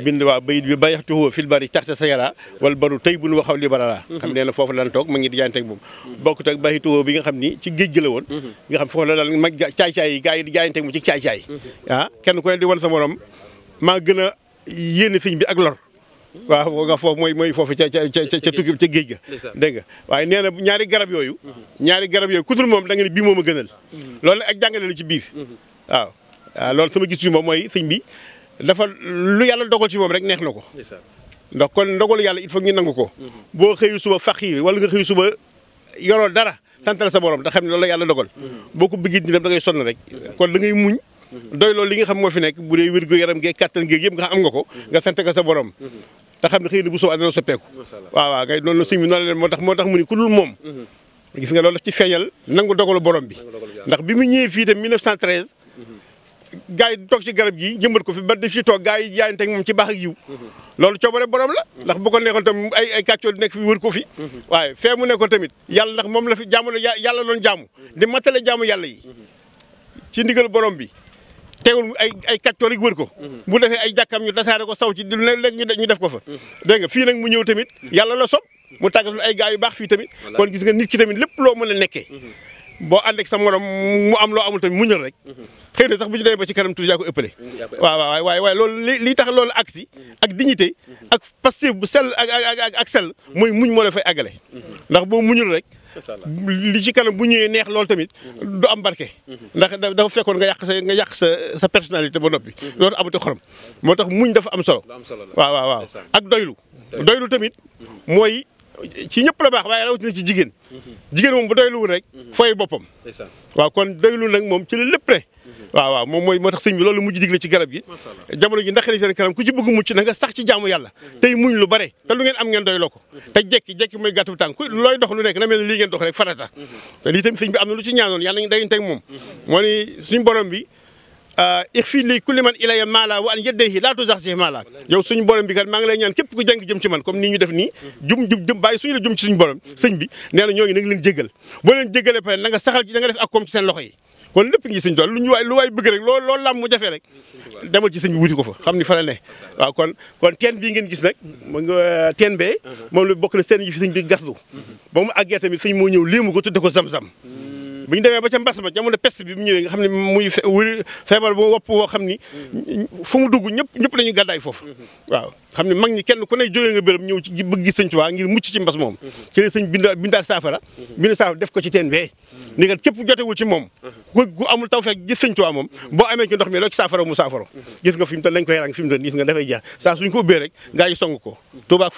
bind waa bayit bi bayaxtuhu fil bari taxta sa yara wala baru tey bu nu waxaw li barara mhm. xam ne na foofu lan toog ma ngi di jaanteeg moom bokkut ak bayituhu bi nga xam ni ci géej gi la woon nga xam foofu la daan mag yi gars yi di jaayanteeg moom ci caay-caay ah, kenn ku ne di sa morom maa gën a yéene sëñ bi ak lor waaw nga mooy mooy foofu ca ca ca ca géej ga dégg nga waaye nee na ñaari garab yooyu ñaari garab yooyu ku dul moom da nga ne moom a gënal mhm. loolu ak jàngale la ci biir mhm. waaw waaw loolu sama gis yu moom mooy sëñ bi dafa lu yàlla dogal ci moom rek neex na ko ndax kon ndogalu yàlla il faut ñu nangu ko mhm. boo xëyu suba faqiir wala nga xëyu suba yoroo dara santal sa borom te xam ne loolu yàlla dogal boo ko bëggee nii da ngay sonn rek kon da muñ doy loolu li nga xam moo fi nekk bu dee wér gu yaram gee kàttan gee yëpp nga xam am nga ko nga sant ko sa borom te xam ne xëy na bu soob àddina soppeeku waaw waaw ngay noonu suñ bi noonu la moo tax moo tax mu gaa yi toog ci garab gi jëmbat ko fi ba def fi toog gaa yi jaayante ak moom ci baax ak yiw loolu coobare borom la ndax bu ko nekkoon tamit ay ay kàccoo di nekk fi wër ko fi waaye fee mu nekkoon tamit yàlla ndax moom la fi jaamu la yàlla doon jaamu di matale jaamu yàlla yi ci ndigal borom bi teewul ay ay kàccoor yi wër ko mhm. bu defee ay jàkkam ñu dasaare ko saw ci lu ne léegi ñu def ko fa mhm. dégg nga fii nag mu ñëw tamit mhm. yàlla la sob mu tàggatul ay gaa yu baax fii tamit kon gis nga nit ki tamit lépp loo mën a nekkee boo ànd ak morom mu am loo amul tamit muñal rek xëy na sax bu ñu demee ba ci kanam tuuti yaa ko ëppale mm, waaw waaw waaye waaye loolu li tax loolu si ak dignité ak passif bu sell ak ak ak sell mooy muñ moo la fay àggale ndax boo muñul rek li ci kanam bu ñëwee neex loolu tamit du am barke ndax dafa fekkoon nga yàq sa nga yàq sa sa personnalité ba noppi loolu amati xorom moo tax mu ñu dafa am solo waaw waaw waaw ak doylu doylu tamit mooy ci ñëpp la baax waaye rawatina ci jigéen jigéen moom bu doyluwul rek fooy boppam waaw kon doyluwul nag moom ci la lépp ne waaw waaw moom mooy moo tax sëñ bi loolu mujj digle ci garab gi jamono ji ndaxale na nga mhm. bi am na lu ci ñaanoon yàlla nañ dayuñ teg moom mhm. moo ni suñ borom bi ixfir lii kulli man ilayya maala wa an yadayhi laa tuzaxzih maala yow suñu borom bi kat maa ngi lay ñaan képp ku jàng jëm ci man comme nii ñu def nii jum jum jëm suñu la jum ci suñu borom sëñ bi nee ñooñu na leen jéggal boo leen pare na saxal ci na def ak koom ci seen loxo yi kon lépp ngi sëñ tool lu ñu bëgg rek loolu lam mu jafee rek demal ci sëñ bi wuti ko fa xam ni fa kon teen bii ngeen gis nag euh, teen bee moom la bokk na seen yi fi bu ñu demee ba ca mbas ma jamono peste bi mu ñëwee nga xam ne muy wuri feebar bu wopp woo xam ni fu mu dugg ñëpp ñëpp dañu gàddaay foofu waaw xam ne mag ñi kenn ku ne jógee nga béréb ñëw ci bëgg gi sëñ Tuubaa ngir mucc ci mbas moom ci la sëñ binda saafara bindaal saafara def ko ci teen bee ni nga képp jotewul ci moom ku amul taw fekk gis sëñ Tuubaa moom boo amee ci ndox mi rek saafara mu saafaro gis nga fi mu toll lañ koy mu toll gis nga dafay jeex saa suñ ko ubbee rek gaa yi song fu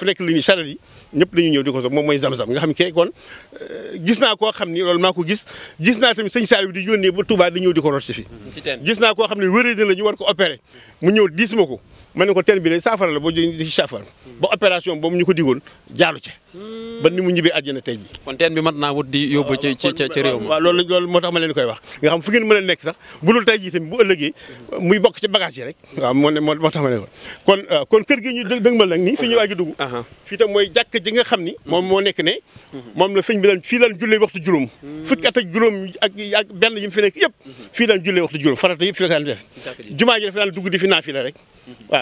nekk li ñu saral ñëpp dañu ñëw diko ko moom mooy zam-zam nga xam ne kon euh, gis naa koo xam ni loolu maa ko gis gis naa tamit sëñ Saliou di yónnee ba Touba di ñëw di ko root si fii. gis naa koo xam ne wéré na la ñu war ko opéré mu ñëw diis ma ko ma ne ko teen bi de saafara la boo jógee ci saafara boobu ñu ko digoon jaaru ca ba ni mu ñibbee àjjana tey ji teen bi mat naa wut di yóbbu ci ci moo tax ma leen koy wax nga xam fu ngeen mën a nekk sax bu dul tey ji tamit rek waaw moo ne moo tax ma leen ko kon euh, kon kër gi ñu dëg mal nag nii fi tam mooy jàkk ji nga xam ni moom moo nekk ne moom la sëñ bi daan fii daan jullee waxtu juróom fukki at ak juróom ak ak benn fi nekk yëpp fii la daan def jumaa ji dafa daan dugg di fi naa fi la rek mhm.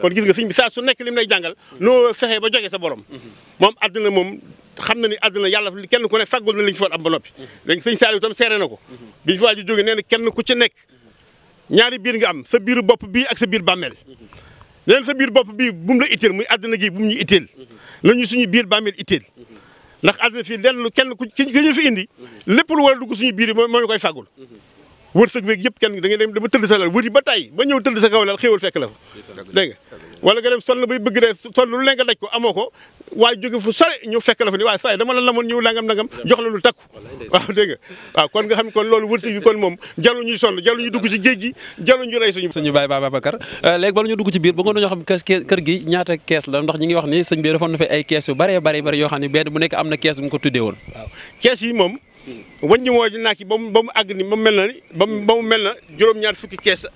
kon gis nga sëñ bi saa su nekk lim lay jàngal noo fexe ba jógee sa borom moom àddina moom xam na ni àddina yàlla kenn ku ne fàggul na li ñu foon am ba noppi léegi sëñ Saliou na ko bi ñu fa nee na kenn ku ci nekk ñaari biir nga am sa biiru bopp bii ak sa biir bàmmeel leen sa biir bopp bii bu mu la itteel muy àddina gi bu mu ñu itteel ñu suñu biir bàmmeel itteel ndax àddina fii lenn lu kenn ku ñu fi indi lépp lu war a dugg suñu biir yi moo ñu koy fàggul wërsëg beeg yëpp kenn da ngay dem ba nga wala nga ko amoo ko waaye jóge fu sore ñu fekk la fa lu takku waaw dégg nga kon nga xam kon loolu wërsëg dugg ci géej gi jalu ñu rey suñu suñu baay Babacar euh, léegi bala ñu dugg ci biir bëggoon kër gi ñaata kees la ndax ñi ngi wax ni sëñ bi defoon na fi ay kees yu bare bare bare yoo xam ne benn bu nekk am na kees bu ko tuddee woon wàññi woo naak yi ba mu ba mu àgg ni ba mu mel na ni ba mu ba mu mel na juróom-ñaar fukki kees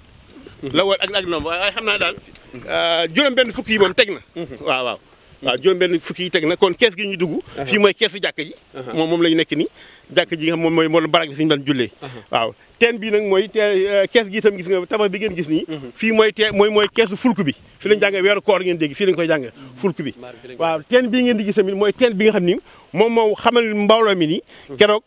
la woon ak ak noom xam naa daal euh, juróom-benn fukki yi moom teg na waaw waaw waaw juróom-benn fukki yi gi ñu dugg uh-huh. fii mooy keesu jàkk ji uh-huh. moom moom lañu nekk nii jàkk ji moom mooy moo barak bi suñu daan jullee uh-huh. waaw teen mooy euh, kees bi ngeen di gis tamit mooy teen bi nga xam ni moom moo xamal mbooloo mi ni keroog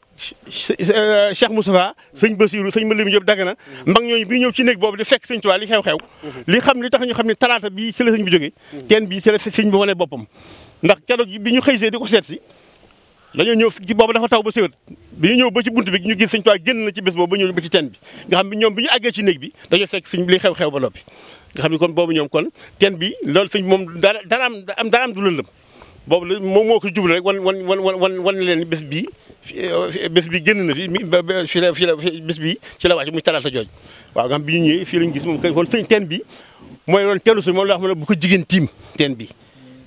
euh, Cheikh Moustapha sëñ Basiru sëñ Malim Diop Dagana mhm. mag ñooñu bi ñëw ci néeg boobu di fekk sëñ Tuubaa li xew-xew mhm. li xam li tax ñu xam ne talaata bi jógee mhm. teen bii si la sëñ bi wane boppam ndax keroog bi ñu xëysee di ko seet si dañoo ñëw ci boobu dafa taw ba séwét bi ñu ñëw ba ci bunt bi ñu gis sëñ Tuubaa génn na ci bés boobu ba ñëw ba ci teen bi nga xam ne ñoom bi ñu àggee ci néeg bi dañoo fekk sëñ bi li xew-xew ba noppi nga xam ne kon boobu ñoom kon teen bi loolu sëñ moom dara am dara am du lëndëm boobu la moom moo ko jublu rek wan wan wan wan wan leen bés bii bés bi génn na fi fi la fi la bés bi ci la wàcc muy talaata jooj waaw nga xam bi ñu ñëwee fii lañ gis moom kay kon suñ teen bi mooy doon teenu suñ moom la xam ne bu ko jigéen tiim teen bi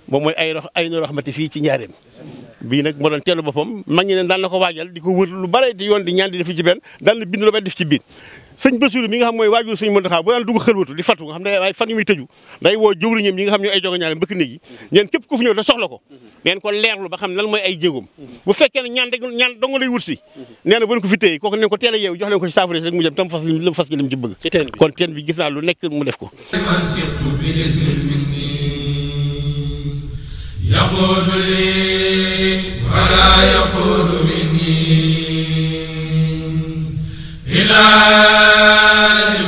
moom mooy ay ay no raxmati fii ci ñaareem bii nag moo doon teenu boppam mag ne daan na ko waajal di ko wër lu bare di yoon di ñaan di def ci benn daan na bind lu bare def ci biir sëñ Bassirou mi nga xam mooy waajur sëñ Mountakha bu daan dugg xelwatu di fatu nga xam ne ay fan yu muy tëju day woo jëwriñam ñi nga xam ñoo ay joga ñaale mbëkk néeg yi ñeen képp ku ñëw da soxla ko neen ko leerlu ba xam lan mooy ay jéegoom bu fekkee ne ñaan ñaan lay wut si nee na bu ko fi téye kooku neen ko teel a yeew jox leen ko ci saafara rek mu jëm tam fas lim fas gi lim ci bëgg kon teen bi gis naa lu mu def ko يقول لي ولا يقول lillah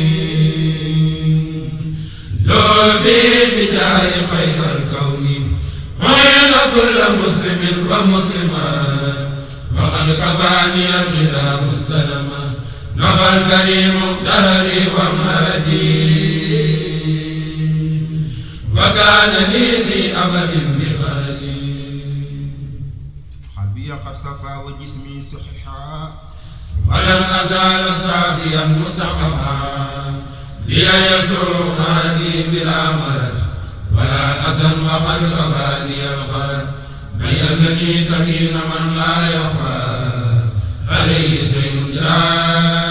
حبيبي خير الكون وين كل مسلم ومسلمة وقد كفاني الغداء السلامة نفى الكريم درري ومهدي وكان لي في أبد بخالي قلبي قد صفى وجسمي صحيحا ولم أزال صافيا مسخفا هي يسوقاني بلا مرض ولا أزل وقد أغاني الخرج من الذي تكين من لا يخاف عليه سيجاب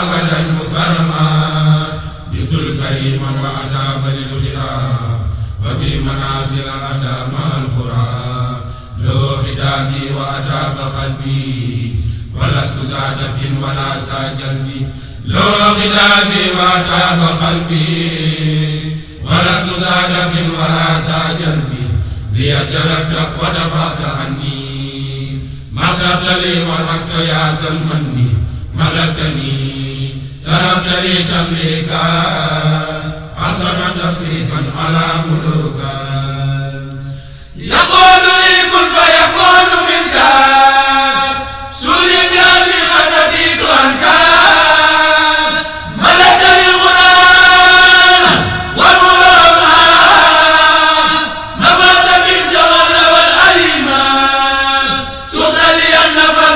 قد مكرما جئت الكريم وأتى بني الخرا وبمنازل أدام الخرا له ختامي وأتاب قلبي ولست سادف ولا ساجلبي له ختامي وأتاب قلبي ولست سادف ولا ساجلبي ليجلبت ودفعت عني ما قبل لي والعكس يا سلمني ملكني سلبت لي تمليكا حسنا تفريفا على ملوكا يقول لي كن فيكون منك سوري جامي خدديت عنك ملت بالغلام والغرامة نبات بالجوال والأليمة سلطة لي النفى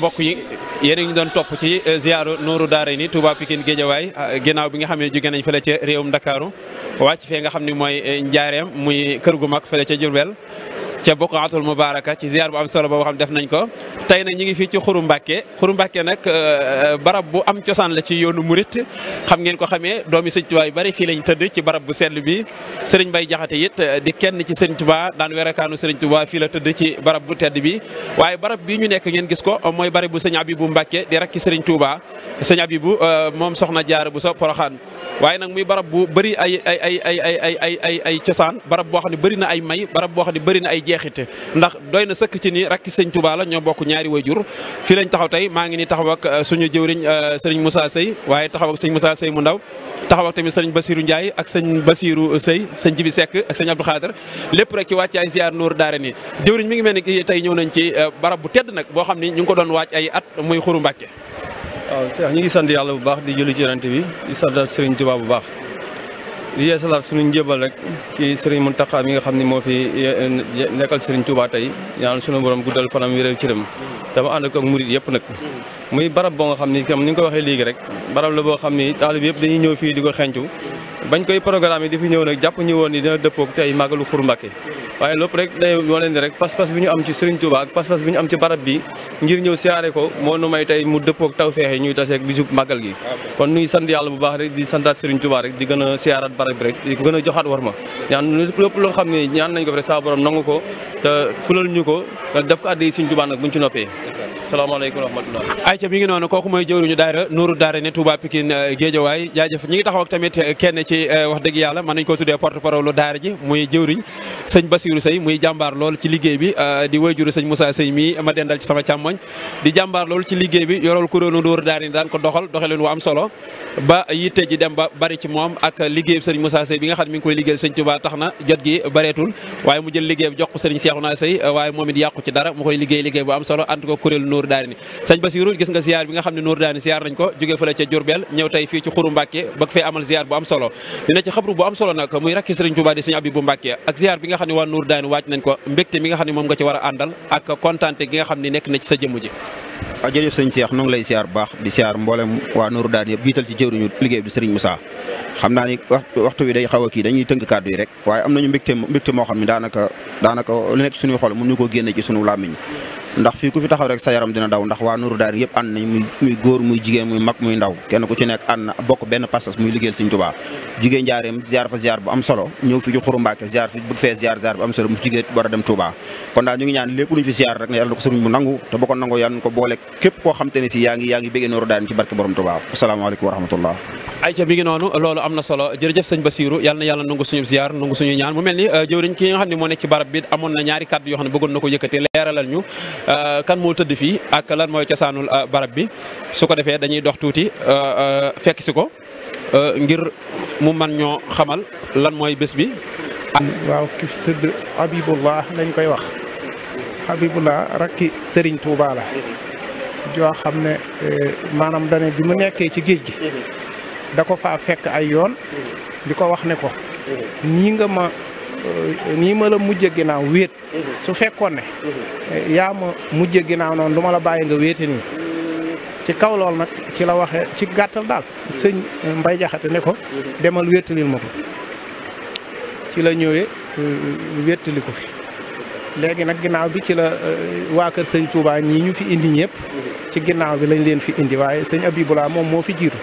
بغير yéen a ngi doon topp ci euh, ziaru Nuuru Daarayni Touba Pikine Guédiawaye euh, ginnaaw bi nga xam ne jóge nañ fële ca réewum Ndakaaru wàcc fee nga xam ni mooy euh, njaareem muy kër gu mag fële ca Jurbel bokk buqaatul mubaaraka ci ziar bu am solo boobu xam def nañ ko tey nag ñi ngi fii ci xuru Mbàkke xuru Mbàkke nag euh, barab bu am cosaan la ci yoonu murit xam ngeen ko xamee doomi Sëñ Tuubaa bari fii lañ tëdd ci barab bu sell bi Sëriñ Bay Jaxate it euh, di kenn ci Sëriñ Tuubaa daan werekaanu Sëriñ Tuubaa fii la tëdd ci barab bu tedd bi waaye barab bii ñu nekk ngeen gis ko mooy barab bu Sëñ Abibu Mbàkke di rakki Sëriñ Tuubaa Sëñ Abibu euh, moom soxna jaar bu so Poroxaan waaye nag muy barab bu bari ay ay ay ay ay ay ay cosaan barab boo xam ne bëri na ay may barab boo xam ne bëri na ay jeexite ndax doy na sëkk ci ni rakki sëñ Touba la ñoo bokk ñaari wayjur fii lañ taxaw tey maa ngi ni taxaw ak uh, suñu jëwriñ uh, sëriñ Moussa Seye waaye taxaw ak sëñ Moussa Seye mu ndaw taxaw ak tamit sëriñ Basirou Ndiaye ak sëñ Basirou Seye sëñ Jibi sekk ak sëñ Abdou Khader lépp rek ci wàcc ay ziar Nour ni jëwriñ mi ngi mel ni tey ñëw nañ ci uh, barab bu tedd nag boo xam ni ñu ngi ko doon wàcc ay at muy xuru Mbàkke waaw Cheikh ñu ngi sant yàlla bu baax di julli ci bi di di yeesalaat suñu njébal rek ci Serigne Mountakha mi nga xam ni moo fi nekkal Serigne Touba tey ñaan suñu borom guddal fanam wéral cëram dama ànd ak murit yëpp nag muy barab boo nga xam ni comme ni nga ko waxee léegi rek barab la boo xam ni taalib yëpp dañuy ñëw fii di ko xencu bañ koy programme yi fi ñëw nag jàpp ñu woon ni dina dëppoog ci ay màggalu Xuru Mbàkke waaye lépp rek day wane rek pas-pas bi ñu am ci Serigne Touba ak pas-pas bi ñu am ci barab bi ngir ñëw siyaare ko moo nu may tey mu dëppoog tawfeex yi ñuy taseeg bisub màggal gi kon nuy sant yàlla bu baax rek di santaat Serigne Touba rek di gën a siyaaraat barab bi rek di gën joxaat war ma ñaan lépp loo xam ne ñaan nañ ko rek saa borom ko te fulal ñu ko def ko addi Sëriñ Tuubaa nag buñ ci noppee salaamaaleykum wa rahmatullah ayca mi ngi noonu kooku mooy jëwriñu daayra Nuuru Daara ne Touba Pikine euh, Géejawaay jaajëf ñi ngi tax ak euh, kenn ci euh, wax dëgg yàlla mën nañ ko tuddee porte parole daara ji muy jëwriñ sëñ Basirou Sey muy jàmbaar lool ci liggéey bi di wayjuru sëñ Moussa Sey mi ma dendal ci sama càmmoñ di jàmbaar lool ci liggéey bi yorol kuréelu Nuuru Daara ni daan ko doxal doxaleen wu am solo ba yitte ji dem ba bari ci moom ak liggéey bi sëñ Moussa Sey bi nga xam ne mi ngi koy liggéeyal sëñ Touba tax na jot gi bareetul waaye mu jël liggéey bi jox ko Cheikhouna Seye euh, waaye moom it yàqu ci dara mu koy liggéey liggéey bu am solo ànd ko kuréelu Nour Daani sëñ Basiru gis nga ziar bi nga xam ne Nour Daani ziar nañ ko jógee fële ca Diourbel ñëw tey fii ci xuru Mbàkke bëgg fee amal ziar bu am solo dina ci xabru bu am solo nag muy rakki sëriñ Tuubaa di sëñ Abibu Mbàkke ak ziar bi nga xam ne waa Nour Daani wàcc nañ ko mbégte mi nga xam ne moom nga ci war a àndal ak kontaante gi nga xam ne nekk na ci sa ji waaw jërëjëf sëñ Cheikh noo ngi lay siyaar bu baax di siyaar mboolem waa Nooru Daara yëpp jiital ci jëwriñu liggéey bi Serigne Moussa xam naa ni waxtu wi day xaw a kii dañuy tënk kàddu yi rek waaye am nañu mbégte mbégte moo xam ne daanaka daanaka lu nekk suñuy xol mënuñu ko génne ci suñu làmmiñ ndax fii ku fi taxaw rek sa yaram dina daw ndax waa Nuuru Daari yëpp ànd nañ muy muy muy jigéen muy mag muy ndaw kenn ku ci nekk ànd bokk benn passas muy liggéeyal Sëñ Tuubaa jugee njaareem ziar fa ziar bu am solo ñëw fi ci Xuru Mbàkke ziar fi bu am solo mu jugee war a dem Tuubaa kon daal ñu ñaan lépp luñ fi ziar rek ne yàlla ko ko am solo jërëjëf euh, ne moo nekk ci barab bi amoon na ñaari kàddu yoo na ko yëkkati leeralal ñu Euh, kan moo tëdd fii ak lan mooy cosaanul euh, barab bi su ko defee dañuy dox tuuti euh, fekk si ko ngir mu man ñoo xamal lan mooy bés bi. waaw ki fi tëdd Habibullah lañ koy wax Habibullah rakki sëriñ Touba la joo xam ne maanaam dane bi mu nekkee ci géej gi mhm. da ko faa fekk ay yoon di ko wax ne ko ñi mhm. nga ma. Euh, nii ma la mujjee ginnaaw wéet mhm. su fekkoon ne mhm. eh, yaa ma mujjee ginnaaw noonu du la bàyyi nga wéete nii mm. ci kaw lool nag ci la waxe ci gàttal daal mhm. sëñ eh, Mbay Jaxate ne ko demal wéetalil ma ko ci la ñëwee euh, wéetali ko fi léegi nag ginnaaw bi ci la euh, waa sëñ Touba ñii ñu fi indi ñëpp ci ginnaaw bi lañ leen fi indi waaye sëñ Abibula moom moo fi jiitu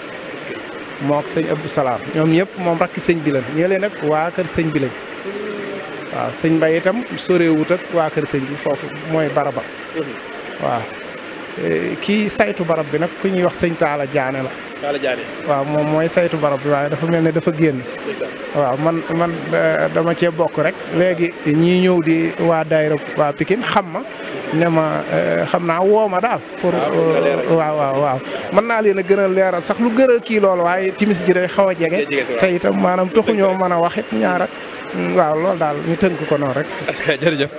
moo ak sëñ Abdou ñoom ñëpp moom rakki sëñ bi lañ ñee leen nag waa sëñ bi lañ waaw sëñ Mbay itam sorewut ak waa kër sëñ bi foofu mooy baraba waaw eh, kii saytu barab bi nag ku ñuy wax sëñ Taala Jaane la waaw moom mooy saytu barab bi waaye dafa mel ne dafa génn waaw man man eh, dama cee bokk rek léegi ñii ñëw di waa daayira waa Pikine xam ma ne ma eh, xam naa woo ma daal pour ah, waaw mën naa leen a gën a leeral sax lu gën a kii loolu waaye timis ji day xaw a jege te itam maanaam taxuñoo mën a waxit ñaar waaw loolu daal ñu tënk ko noonu rek. jërëjëf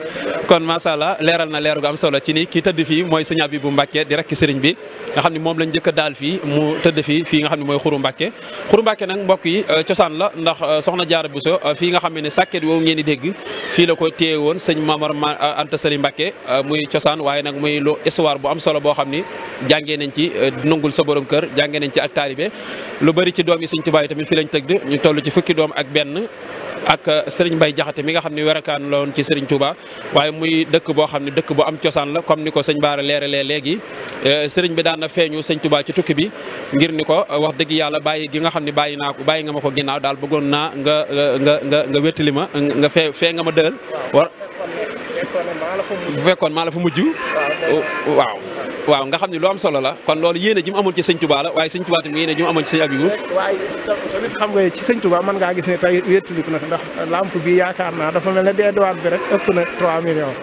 kon macha allah leeral na leer am solo ci ni ki tëdd fii mooy sëñ bi bu di rek ci sëriñ bi nga xam ni moom lañ njëkk a daal fii mu tëdd fii fii nga xam ne mooy xuru Mbàkke xuru Mbàkke nag mbokk yi euh, cosaan la ndax euh, soxna Jaara Buso euh, fii nga xam ne sàkket woowu ngeen di dégg fii la ko téye woon sëñ Mamar Anta Sali Mbàkke muy cosaan waaye nag muy lu histoire bu am solo boo xam ni jàngee nañ ci nungul sa borom kër jàngee nañ ci ak taalibe lu bari ci doom yi sëñ Tuubaa yi tamit fii lañ tëdd ñu toll ci fukki doom ak benn ak Serigne Mbaye Jaxate mi nga xam ne werakaan la woon ci Serigne Touba waaye muy dëkk boo xam ne dëkk bu am cosaan la comme ni ko sëñ Baara leeralee léegi eh, Serigne bi daan na feeñu sëñ Touba ci tukki bi ngir ni ko wax dëgg yàlla bàyyi gi nga xam ni bàyyi naa ko bàyyi nga ma ko ginnaaw daal bëggoon naa nga nga nga nga wétali ma nga fee fee nga ma dël war bu fekkoon maa la fa mujj waaw waaw nga xam ne lu am solo la kon loolu yéene jim mu amoon ci sëñ Touba la waaye sëñ Touba tamit yéene ji mu amoon ci sëñ Abibu waaye nga mën ngaa gis ne tey wéttaliku na ndax lampe bi yaakaar naa dafa mel ne dee duwaat bi rek ëpp na 3 millions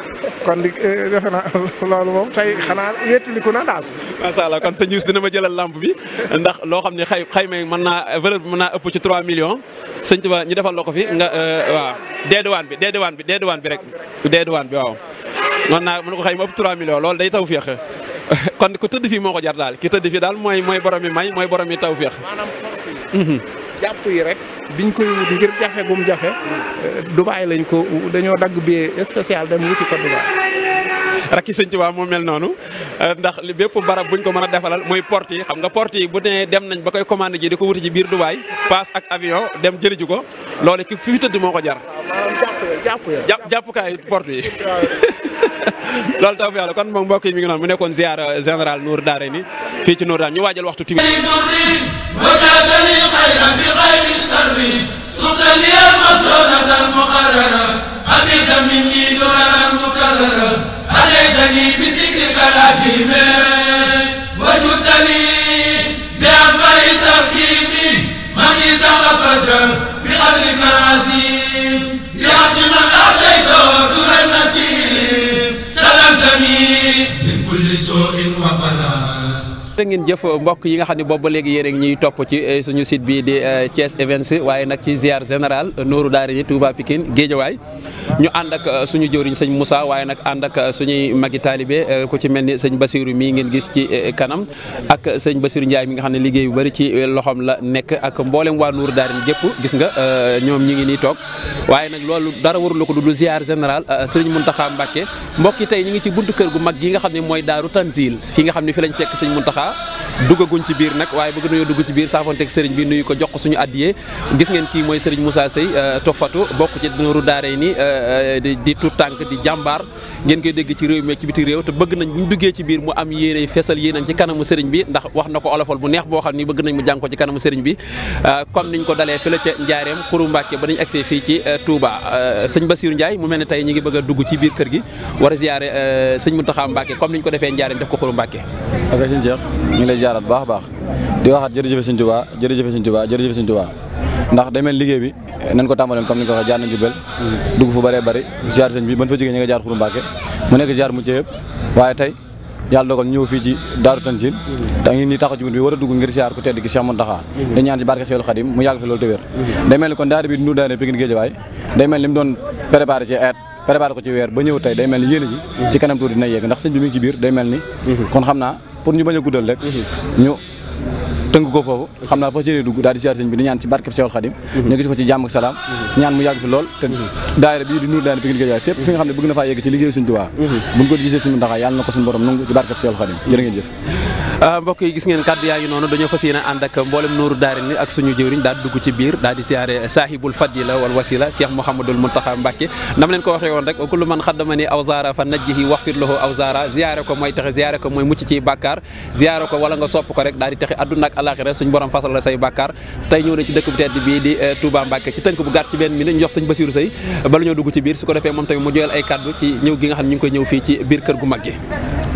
kon di eh, defe naa loolu moom tey xanaa wéttaliku na daal macha allah kon sëñ ma jëlal lampe bi ndax loo xam ne xay xay may mën naa valeur bi mën ëpp ci 3 millions sëñ Touba ñu defal la ko fi nga eh, waaw dee bi dee duwaan bi dee duwaan bi rek dee duwaan bi waaw mën naa mën ko xay ma ëpp 3 millions loolu day taw féex kon ku tëdd fii moo ko jar daal ki tëdd fii daal mooy mooy borom mi may mooy borom mi taw feex maanaam porte mhm. jàpp yi rek biñ koy wut ngir jafe gum jafe euh, Dubaay lañ ko dañoo dagg bi spécial dem wuti ko Dubaay rakki sëñ waa moo mel noonu euh, ndax li bépp barab buñ ko mën a defalal mooy porte xam nga porti yi bu nee dem nañ ba koy commandé ji di ko wuti ci biir Dubaay paas ak avion dem jëli ko loolu ki fi tëdd moo ko jar. waaw maanaam jàpp jàpp jàppukaay yi. loolu taw fi yàlla kon moom mbokk mi ngi noonu mu nekkoon ziar euh, général Nour Daare ni fii ci Nour Daare ñu waajal waxtu timi بقدرك العظيم في حق من أعطيته دون النسيم سلمتني من كل سوء وبلاء da ngeen jëf mbokk yi nga xam ne boobu ba léegi yéen a ngi ñuy topp ci eh, suñu site bi di eh, Thiès Events waaye nag ci ziar général Nooru Daara ni Géejawaay ñu ànd ak eh, suñu jëwriñ sëñ Moussa waaye nag ànd ak suñuy magi taalibe ku ci mel ni sëñ Basiru mii ngeen gis ci kanam ak sëñ Basiru njaay mi nga xam ne liggéey bu bëri ci loxoom la nekk ak mboolem waa Nooru Daara gépp gis nga ñoom ñi ngi nii toog waaye nag loolu dara warul ko du ziar général sëriñ Mountakha Mbacké mbokk yi tey ñi ngi ci buntu kër gu mag xam ne mooy Daaru Touba duggaguñ ci biir nag waaye bëgg nañoo dugg ci biir saafonteeg sëriñ bi nuyu ko jox ko suñu addiyee gis ngeen kii mooy sëriñ Moussa Seye euh, Tofatu bokk ci Nuuru Daarayni euh, euh, di di tuut tànk di jàmbaar ngeen koy dégg ci réew mi ci biti réew te bëgg nañ bu ñu duggee ci biir mu am yéene feesal yéenam ci kanamu sëriñ bi ndax wax na ko olofal bu neex boo xam ni bëgg nañ mu jàng ko ci kanamu sëriñ bi euh, comme niñ ko dalee fële ca Njaareem Xuru Mbàkke ba nañ agsee fii ci euh, Touba euh, sëñ Basiru Ndiaye mu mel ni tey ñi ngi bëgg a dugg ci biir kër gi war a ziyaare sëñ Muntaxa Mbàkke comme niñ ko defee Njaareem def ko Xuru Mbàkke ak sëñ Cheikh ñu ngi lay ziarat baax baax di waxaat jërëjëf sëñ Touba jërëjëf sëñ Touba jërëjëf sëñ Touba ndax day mel liggéey bi nañ ko tàmbalee comme ni ko jaar nañ Jurbel dugg fu bëree bëri ziar sëñ bi ban fa jógee ñu nga ci Daaru Tanzil te ngi ni taxaw ci war a dugg ngir siyaar ku tedd gi Cheikh Mountakha da ñaan ci barke Seexul Xadim mu yàgg fi loolu te wér day mel ni kon daara bi nu daara Pikine Guédiawaye day mel ni mu doon préparé ci at préparé ko ci weer ba ñëw tey day mel ni yéen a ji ci kanam tuuti dina yegg ndax sëñ bi mi ngi day mel ni mhm. kon xam naa pour ñu bañ a guddal rek mhm. tënk ko foofu xam naa fa jëlee dugg daal di siyaar sëñ bi di ñaan ci barkeb Seexul Xadim mhm. ñu gis ko ci jàmm salaam mhm. ñaan mu yàgg fi lool te mhm. daayira bii di nuur daayira bi ngeen fépp fi nga xam ne bëgg na faa yegg ci liggéey suñ Tuubaa buñ ko gisee suñu ndaxa yàlla na ko suñu borom nangu ci barkeb Seexul Xadim jërë ngeen jëf Ah, mbokk yi gis ngeen kaddu yaa ngi noonu dañoo fas ànd ak mboolem nuuru daari ni ak suñu jëwriñ daal dugg ci biir daal di siyaare saahibul fadila wal wasila cheikh mouhamadul muntaha mbacke nam leen ko waxee woon rek kullu man xaddama ni awzaara fa najjihi waxfir lahu awzaara ziyaare ko mooy texe ziyaare ko mooy mucc ci bàkkaar ziyaare ko wala nga sopp ko rek daal di texe àdduna ak alaxira suñu borom fasal la say bàkkaar tey ñëw na ci dëkk bu tedd bii di eh, touba mbacke ci tënk bu gàtt ci benn minute ñu jox sëñ basiru sëy la ñoo dugg ci biir su ko defee moom tamit mu joyal ay kaddu ci ñëw gi nga xam ñu ngi koy ñëw fii ci biir kër gu mag gi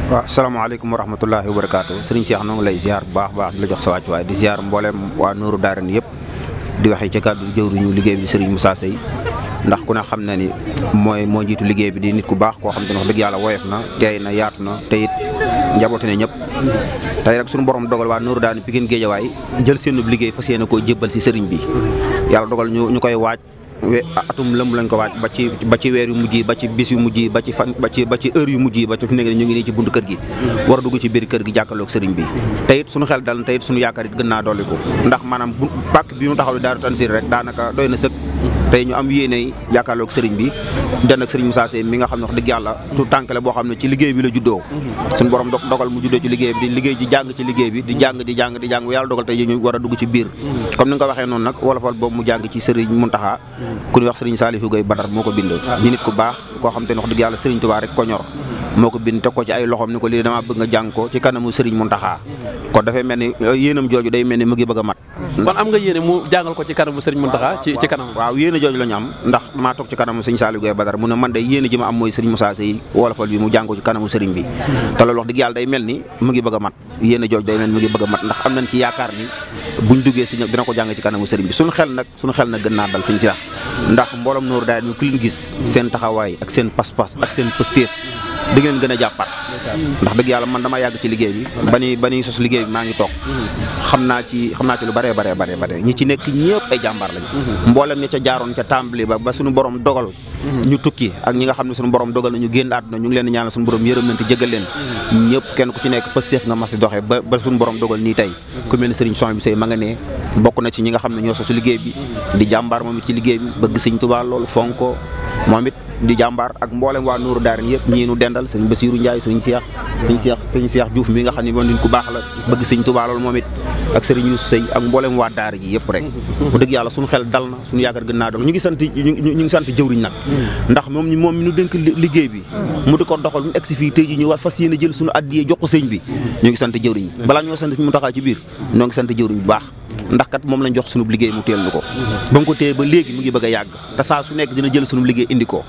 waaw asalaamaaleykum wa rahmatullahi wa barakatuh sëriñ Cheikh noo ngi lay ziar baax baax di la jox sa wàcc waaye di ziar mboolem waa Nuuru Daareen yëpp di waxee ci kàddu jëwriñu liggéey bi sëriñ Moussa Seye ndax ku ne xam na ni mooy moo jiitu liggéey bi di nit ku baax ko xam te wax dëgg yàlla woyof na teey na yaat na te it njaboote ne ñëpp tey nag suñu borom dogal waa Nuuru Daareen Pikine Géejawaay jël seenub liggéey fas yéene koo jébbal si sëriñ bi yàlla dogal ñu koy waaj atum lëmb lañ ko waaj ba ci ba ci weer yu mujj yi ba ci bis yu mujj yi ba ci fan yu mujj yi ba ci fi nekk ñu ngi nii ci buntu kër gi mm. war a dugg ci biir kër gi jàkkaarloog sëriñ bi te it suñu xel dal na te it suñu yaakaar it gën naa dolliku ndax maanaam bu pàkk bi mu taxaw di daaru tansir rek daanaka doy na sëkk tey ñu am yéene yaakaarloog sëriñ bi den ak sëriñ Moussa mi nga xam ne wax dëgg yàlla tout boo xam ne ci liggéey bi la juddoo mhm. suñu borom dogal mu juddoo ci liggéey bi di liggéey di jàng ci liggéey bi di jàng di jàng di yàlla dogal tey ñu war a dugg ci biir mhm. comme ni nga ko noonu nag wolofal boobu mu jàng ci sëriñ Muntaxa mhm. ku ñu wax sëriñ Saliou Gueye Badar moo ko bind ñu ah. nit ku baax koo xam te ne wax dëgg yàlla sëriñ Tuubaa rek ko moko bind tek ko ci ay loxom ni ko li dama bëgg nga jang ko ci kanamu serigne muntaha ko dafa melni euh, yeenam joju day melni mu gi bëgg mat kon am nga yene mu jangal ko ci kanamu serigne muntaha ci ci kanam waaw yeene joju la ñam ndax dama tok ci kanamu serigne salih badar mu ne man day yeene ji ma am moy serigne musa sey wolofal bi mu jang ko ci kanamu serigne bi ta lool wax dig yalla day melni mu gi bëgg mat yeene joju day melni mu gi bëgg mat ndax am nañ ci yaakar ni buñ duggé ci dina ko jang ci kanamu serigne bi sun xel nak sun xel nak gëna dal serigne sila ndax mbolam nur daal ñu gis seen taxaway ak seen pass pass ak seen posture di ngeen gën a jàppaat ndax dëgg yàlla man dama yàgg ci liggéey bi ba ni ba ni sos liggéey bi maa ngi toog xam naa ci xam naa ci lu bare bare bare bare ñi ci nekk ñëpp ay jàmbaar lañu mm-hmm. mboolem ña ca jaaroon ca tàmbali ba ba suñu borom dogal Mm-hmm. ñu tukki ak ñi nga xamni suñu borom dogal nañu genn àdduna ñu ngi leen ñaanal suñu borom yërëm leen te jëgal leen mm-hmm. ñepp kenn ku ci nekk fa pëseef nga massi doxé ba suñu borom dogal mm-hmm. ni tay ku melni serigne soñu sey ma nga ne bokku na ci ñi nga xamni ne ñoo sosu liggéey bi di jambar mom ci liggéey bi bëgg serigne touba lool fonko momit di jambar ak mboolem wa nuru daarin yëpp ñi ñu dendal serigne basirou ndjay serigne cheikh serigne cheikh serigne cheikh juuf mi nga xamni ne ñu nit ku baax la bëgg serigne touba lool momit ak serigne yuusu sey ak mboolem wa daara gi yépp rek bu dëgg yalla suñu xel dalna suñu yaakar gëna naa dal ñu ngi sant ñu ngi sant jëwriñ nak ndax moom ñu moom mi nu dénk liggéey bi mu di ko doxal mu egsi fii tey ji ñu war fas yéene jël suñu addiyee jox ko sëñ bi ñoo ngi sant jëwriñ balaa ñoo sant suñu mu taxaa ci biir ñoo ngi sant jëwriñ bu baax ndax kat mom lañ jox sunu liggéey mu téllu ko ba ko téye ba légui mu ngi bëgg ta sa su nekk dina jël sunu liggéey indi ko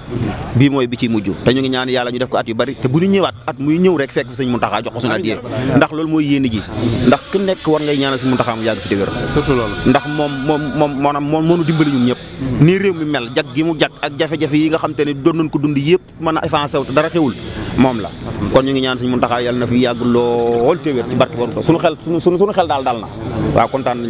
bi moy bi ci muju ta ñu ngi ñaan yalla ñu def ko at yu bari te bu ñu ñëwaat at muy ñëw rek fekk fi sëñ muntaxaa jox ko sunu adiyee ndax lool moy yéene ji ndax ku nekk war ngay ñaanal suñu nyep mu mimel fi te lool ndax mom mom mom maanaam moom moonu dimbali ñun ñëpp ni réew mi mel jag gi mu jag ak jafé jafé yi nga xam tane doon nañ ko dund yépp mëna avancer wu dara xewul mom la kon ñu ngi ñaan suñu muntaxa yalla na fi yag lool te ci barke sunu xel sunu sunu xel dal dal na wa contane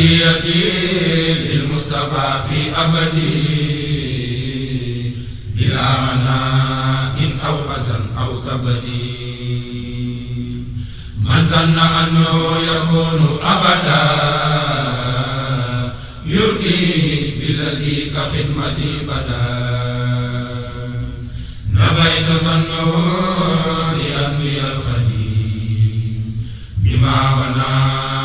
هديتي للمصطفى في أبدي بلا مناء أو حسن أو كبدي من ظن أنه يكون أبدا يرضي بالذي كخدمتي بدا نبيت ظنه لأنبي الخديم بما ونام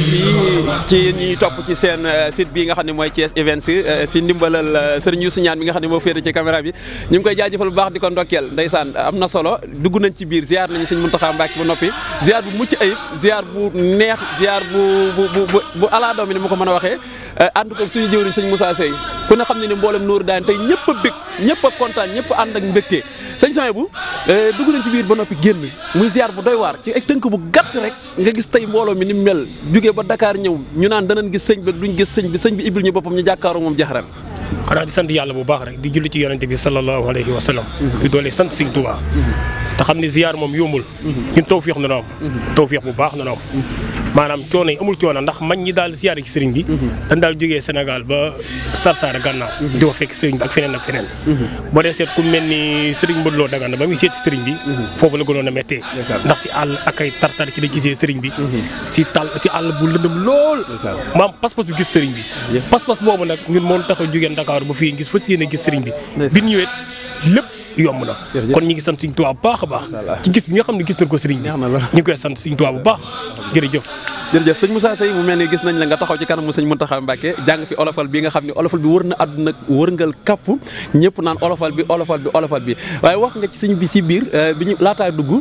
mbokk yi ci ñuy topp ci seen euh, sit bi nga xam ne mooy Thiès Events euh, si ndimbalal euh, Serigne Youssou Niane bi nga xam ne moo féete ci caméra bi ñu ngi koy jaajëfal bu baax di ko ndokkeel ndeysaan am na solo dugg nañ ci biir ziar nañu Serigne Mountakha Mbacké ba noppi ziar bu mucc ayib ziar bu neex ziar bu bu bu bu alaa doomi ni mu ko mën a waxee ànd ko suñu jëwriñ Serigne Moussa Seye ku ne xam ne ni mboolem Nour daan tey ñëpp a bég ñëpp a kontaan ñëpp a ànd ak mbégte sëñ Sonia bu euh, dugg nañ ci biir ba noppi génn muy ziar bu doy waar ci ay tënk bu gàtt rek nga gis tey mbooloo mi ni mel jugee ba ndakaar ñëw ñu naan danañ gis sëñ bi duñ gis sëñ bi sëñ bi ibil ñu boppam ñu jàkkaaroo moom jaxaran xanaa di sant yàlla bu baax rek di julli ci yonente bi sallallahu alayhi wa sallam di doole sant sëñ Tuubaa mhm. te xam ne ziar moom yombul mhm. ñun tawfeex na am mhm. tawfeex bu baax na am maanaam coono yi amul coono ndax mañ ñi daal siyaare ci sëriñ bi mhm. dañ daal jógee Sénégal ba Sarsara gànnaar mhm. di ko fekk sëriñ bi ak feneen ak feneen mhm. boo dee seet mel ni sëriñ Modou Lo Dagana ba muy seet si bi foofu la gënoon a méttee ndax si àll ak ay tartar ci la gisee sëriñ bi ci tàll ci àll bu lëndëm lool maam pas-pas bu gis sëriñ bi pas-pas boobu nag ñun moom tax a jógee Dakar ba fii gis fas yéene gis sëriñ bi bi ñëwee lépp yomb na kon ñu ngi sant Sëriñ Tuubaa bu baax a baax ci gis bi nga xam ne gis nañ ko sëriñ bi ñu koy sant Sëriñ Tuubaa bu baax jërëjëf jërëjëf sëñ Moussa Seye mu melni gis nañ la nga taxaw ci kanam sëñ Mountakha Mbacké jang fi olofal bi nga xamni olofal bi wërna na àdduna wërngal kap ñepp naan olofal bi olofal bi olofal bi waye wax nga ci sëñ bi ci biir euh, bi ñu dugg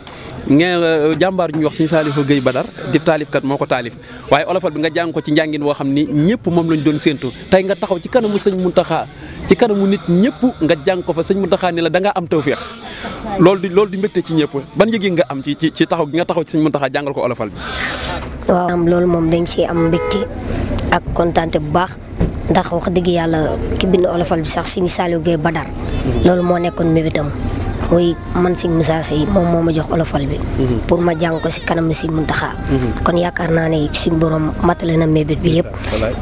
nga euh, jambar ñu wax sëñ Saliou Gueye Badar di talif kat moko talif waye olofal bi nga jang ko ci njàngin woo xamni ñepp mom lañ doon sentu tay nga taxaw ci kanam sëñ Mountakha ci kanam nit ñepp nga jang ko fa sëñ Mountakha ni la da nga am tawfiq loolu di loolu di mbekté ci ñepp ban yegi nga am ci ci taxaw gi nga taxaw ci sëñ Mountakha jangal ko olofal bi waaw loolu moom dañ ci am mbégte ak kontaante bu baax ndax wax dëgg yàlla ki bind olofal bi sax Serigne Saliou ba Badar mm-hmm. loolu moo nekkoon mébétam moy man sëñ Moussa sey mom moma jox olofal bi mhm. pour ma jang ko si kanam mun taxa mhm. kon yakar na ne sun borom matale na mebet bi yëpp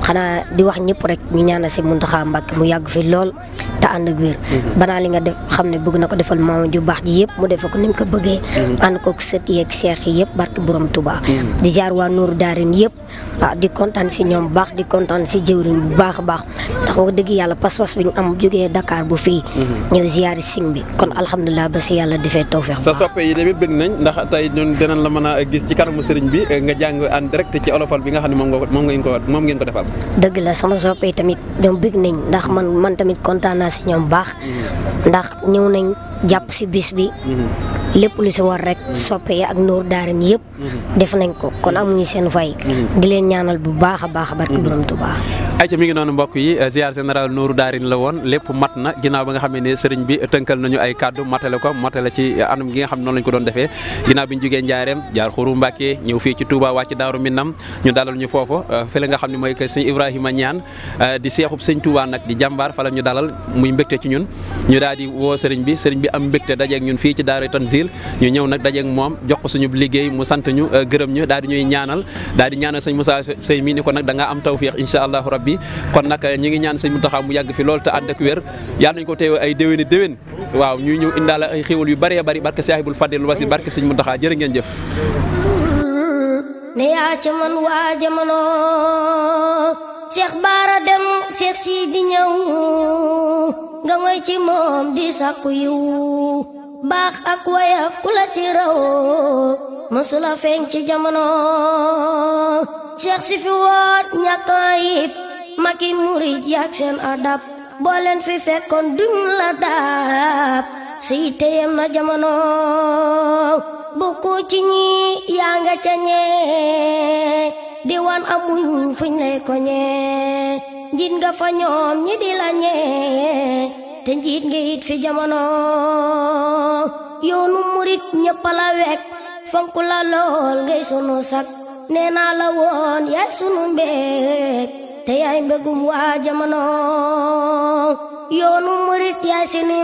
xana di wax ñep rek ñu ñaanal mun taxa Mbàkke mu yag fi lol ta and ak wir mhm. bana li nga def xamne bëgg na ko defal mom ju bax ji mu def ko nim ko bëgge and ko yi barke borom Touba di jaar wa nur Daarin ah, di contane si ñom bax di contane si jëwriñ bu bax bax baax wax bi am Dakar bu fi ñew ziyaari sing bi kon alhamdullilah alhamdulilah ba si yàlla defee tawfeex sa soppe yi tamit bëgg nañ ndax tey dinañ la mën a gis ci kanamu sëriñ bi eh, nga jàng direct ci olofal bi nga xam ne moom nga moom ngeen ko moom ngeen ko defal dëgg la sama soppe tamit ñoom bëgg nañ ndax man tamit kontaan si ñoom baax mm-hmm. ndax ñëw nañ jàpp si bis bi. lépp lu si war rek soppe yi ak Nour Daarin yëpp. def nañ ko kon amuñu seen fay. di leen ñaanal bu baax a baax barke borom Tuubaa. ayca mi ngi noonu mbokk yi ziar général Nour Daarin la woon lépp mat na ginnaaw ba nga xam ne sëriñ bi tënkal nañu ay kàddu matale ko matale ci anam gi nga xam ne noonu lañ ko doon defee ginnaaw bi ñu jugee Njaareem jaar Xuru Mbàkke ñëw fii ci Touba wàcc Daaru Minam ñu dalal ñu foofu euh, fële nga xam ne mooy que sëñ Ibrahima Ñaan euh, di seexub sëñ Touba nag di jàmbaar fa ñu dalal muy mbégte ci ñun di am mbégte dajeeg ñun fii ci Daara Tanzil ñu ñëw nag dajeeg moom jox ko suñu liggéey mu sant ñu euh, gërëm ñu daal di ñuy ñaanal daal di ñaanal sëñ Moussa Sey mii ni ko nag da ngaa am tawfiix insha allahu rabbi kon nag euh, ñi ngi ñaan sëñ Mountakha mu yàgg fi loolu te ànd ak wér yàlla ko teew ay déwéni déwén waaw ñuy ñëw indaale ay xéwal yu bëree bëri barke saahibul fadil wasi barke sëñ Mountakha jërë ngeen jëf ne yaa ca man waa jamono Seex Baara dem Seex Sidi ñëw nga ngoy ci moom di sàkku yiw baax ak wayaf ku la ci raw mësula feeñ ci jamono Seex si fi woot ñàkk ayib maki murid yaak adab boo fi fekkoon duñ la daab siy téyem na jamono bu ci ñi yaa nga ca ñee diwaan amuñ fuñ lay ko njiit nga fa ñoom ñi di te njiit nga it fi jamono yoonu murit ñëpp la wekk fonk sunu sak nee woon yaay sunu mbéeg te yaay mbégum waa jamono yoonu murit yaay sini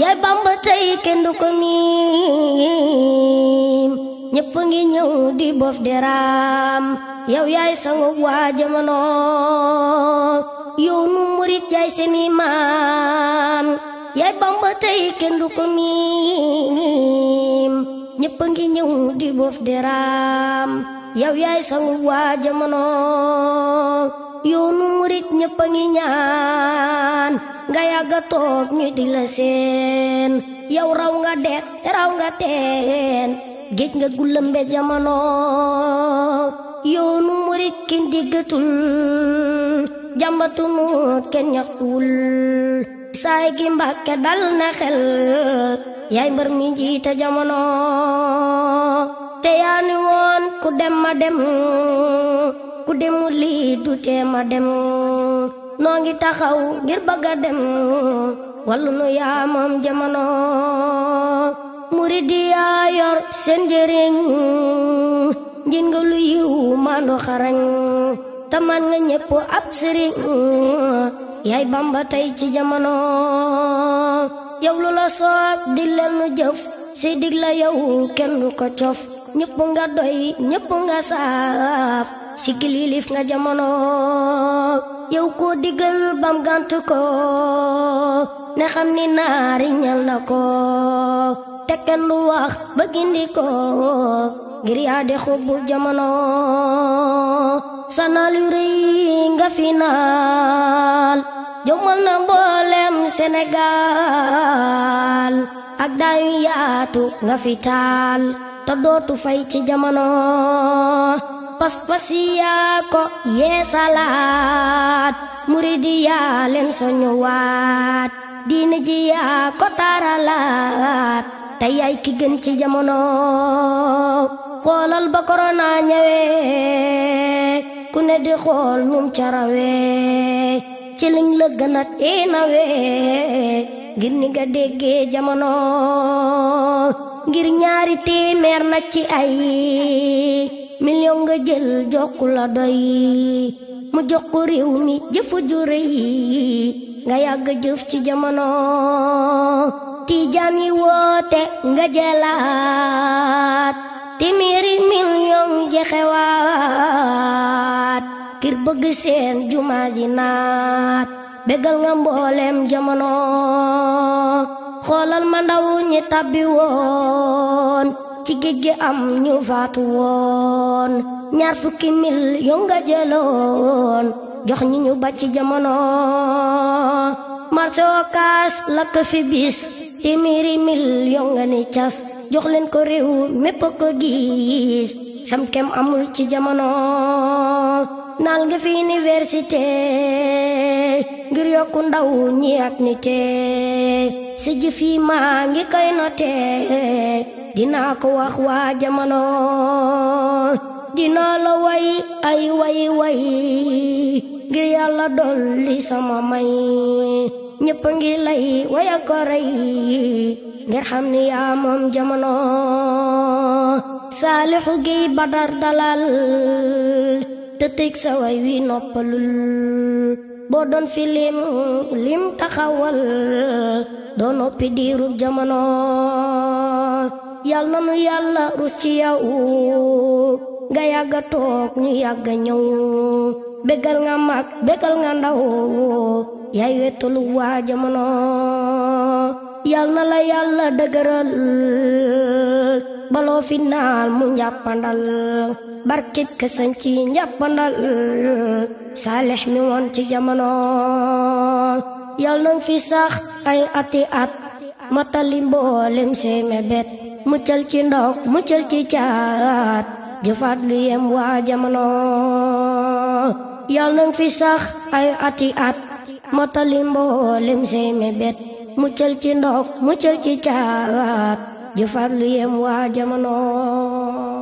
yaay bamba tey kenn ñepp ngi ñew di bof deram, yow yaay sangu wa jamono yow nu murid jay seeni maam yaay bamba tay ko ñepp ngi ñew di bof deram, yow yaay sangu wa jamono yow nu murid ñepp ngi ñaan nga tok ñu di la sen yow raw nga det raw nga teen géej nga gullëmbe jamono yoonu murit kenn diggatul jàmbatunu kenn ñaxtuwul saay gi mbàkke dal na xel yaay mbër mi jiite jamono te yaa woon ku dem ma dem ku demu lii du ma dem noo ngi taxaw ngir bëgga dem wallu nu yaamam jamono murid dia yor senjering jin njin nga lu yiw maanu ab sering yai bamba tai ci jamono yow lu la soob ya di leen si digla yow kenn ko cof nga doy saaf si kililif nga jamono yow ya ko digal bam gant ko ne ni ñal tekan luah begini kok giri ada ngir yaa de xubbu jamono sanal yu nga final jomal na mboolem senegal ak daayu yaatu nga fi taal te dootu fay ci jamono pas-pas ya ko yeesalaat muridi len soñu wat diine ji yaa ko taaralaat te ki gën ci jamono xoolal ba korona ku ne di xool num ci liñ la gën a teenawee ngir ni nga déggee jamono ngir ñaari téeméer na ci ay million nga jël jokku la doy mu jox ko réew mi nga yàgg jëf ci jamono tiijaan yi woote nga jëlaat téeméeri million jexewaat ngir bëgg seen ji naat bégal nga mbooleem jamono xoolal ma ndaw ñi tabbi woon ci géej gi am ñu faatu woon ñaar fukki mil yu nga jëloon jox ñi ñu ba ci jamono marché Ocass lakk fi bis mil yu ni cas jox leen ko réew mépp ko gis sam amul ci jamono naal nga fi université ngir yokku ndaw ñi ak nité si ji maa ngi koy noté dinaa ko wax waa jamono dinaa la way ay way way ngir yàlla dolli sama may ñëpp ngi lay waya ko rey ngir xam ni yaa moom jamono saalixu giy badar dalal te tëj sa way wi noppalul boo doon fi lim lim taxawal doo noppi diirub jamono yal na nu yàlla rus ci yow nga yàgga toog ñu yàgga ñëw bégal nga mag bégal nga ndaw yaay wettalu waa jamono yal na la yàlla dëgëral baloo final mu njàppandal barkib kësan ci njàppandal saalix mi woon ci jamono yal nañ fi sax ay ati at matali mboolem sey mebet muccal ci ndok muccal ci caat jëfaat lu yem waa jamono yal nañ fi sax ay ati at matali mboolem sey mebet muccal ci ndok muccal ci caat jëfaat lu yem waa jamono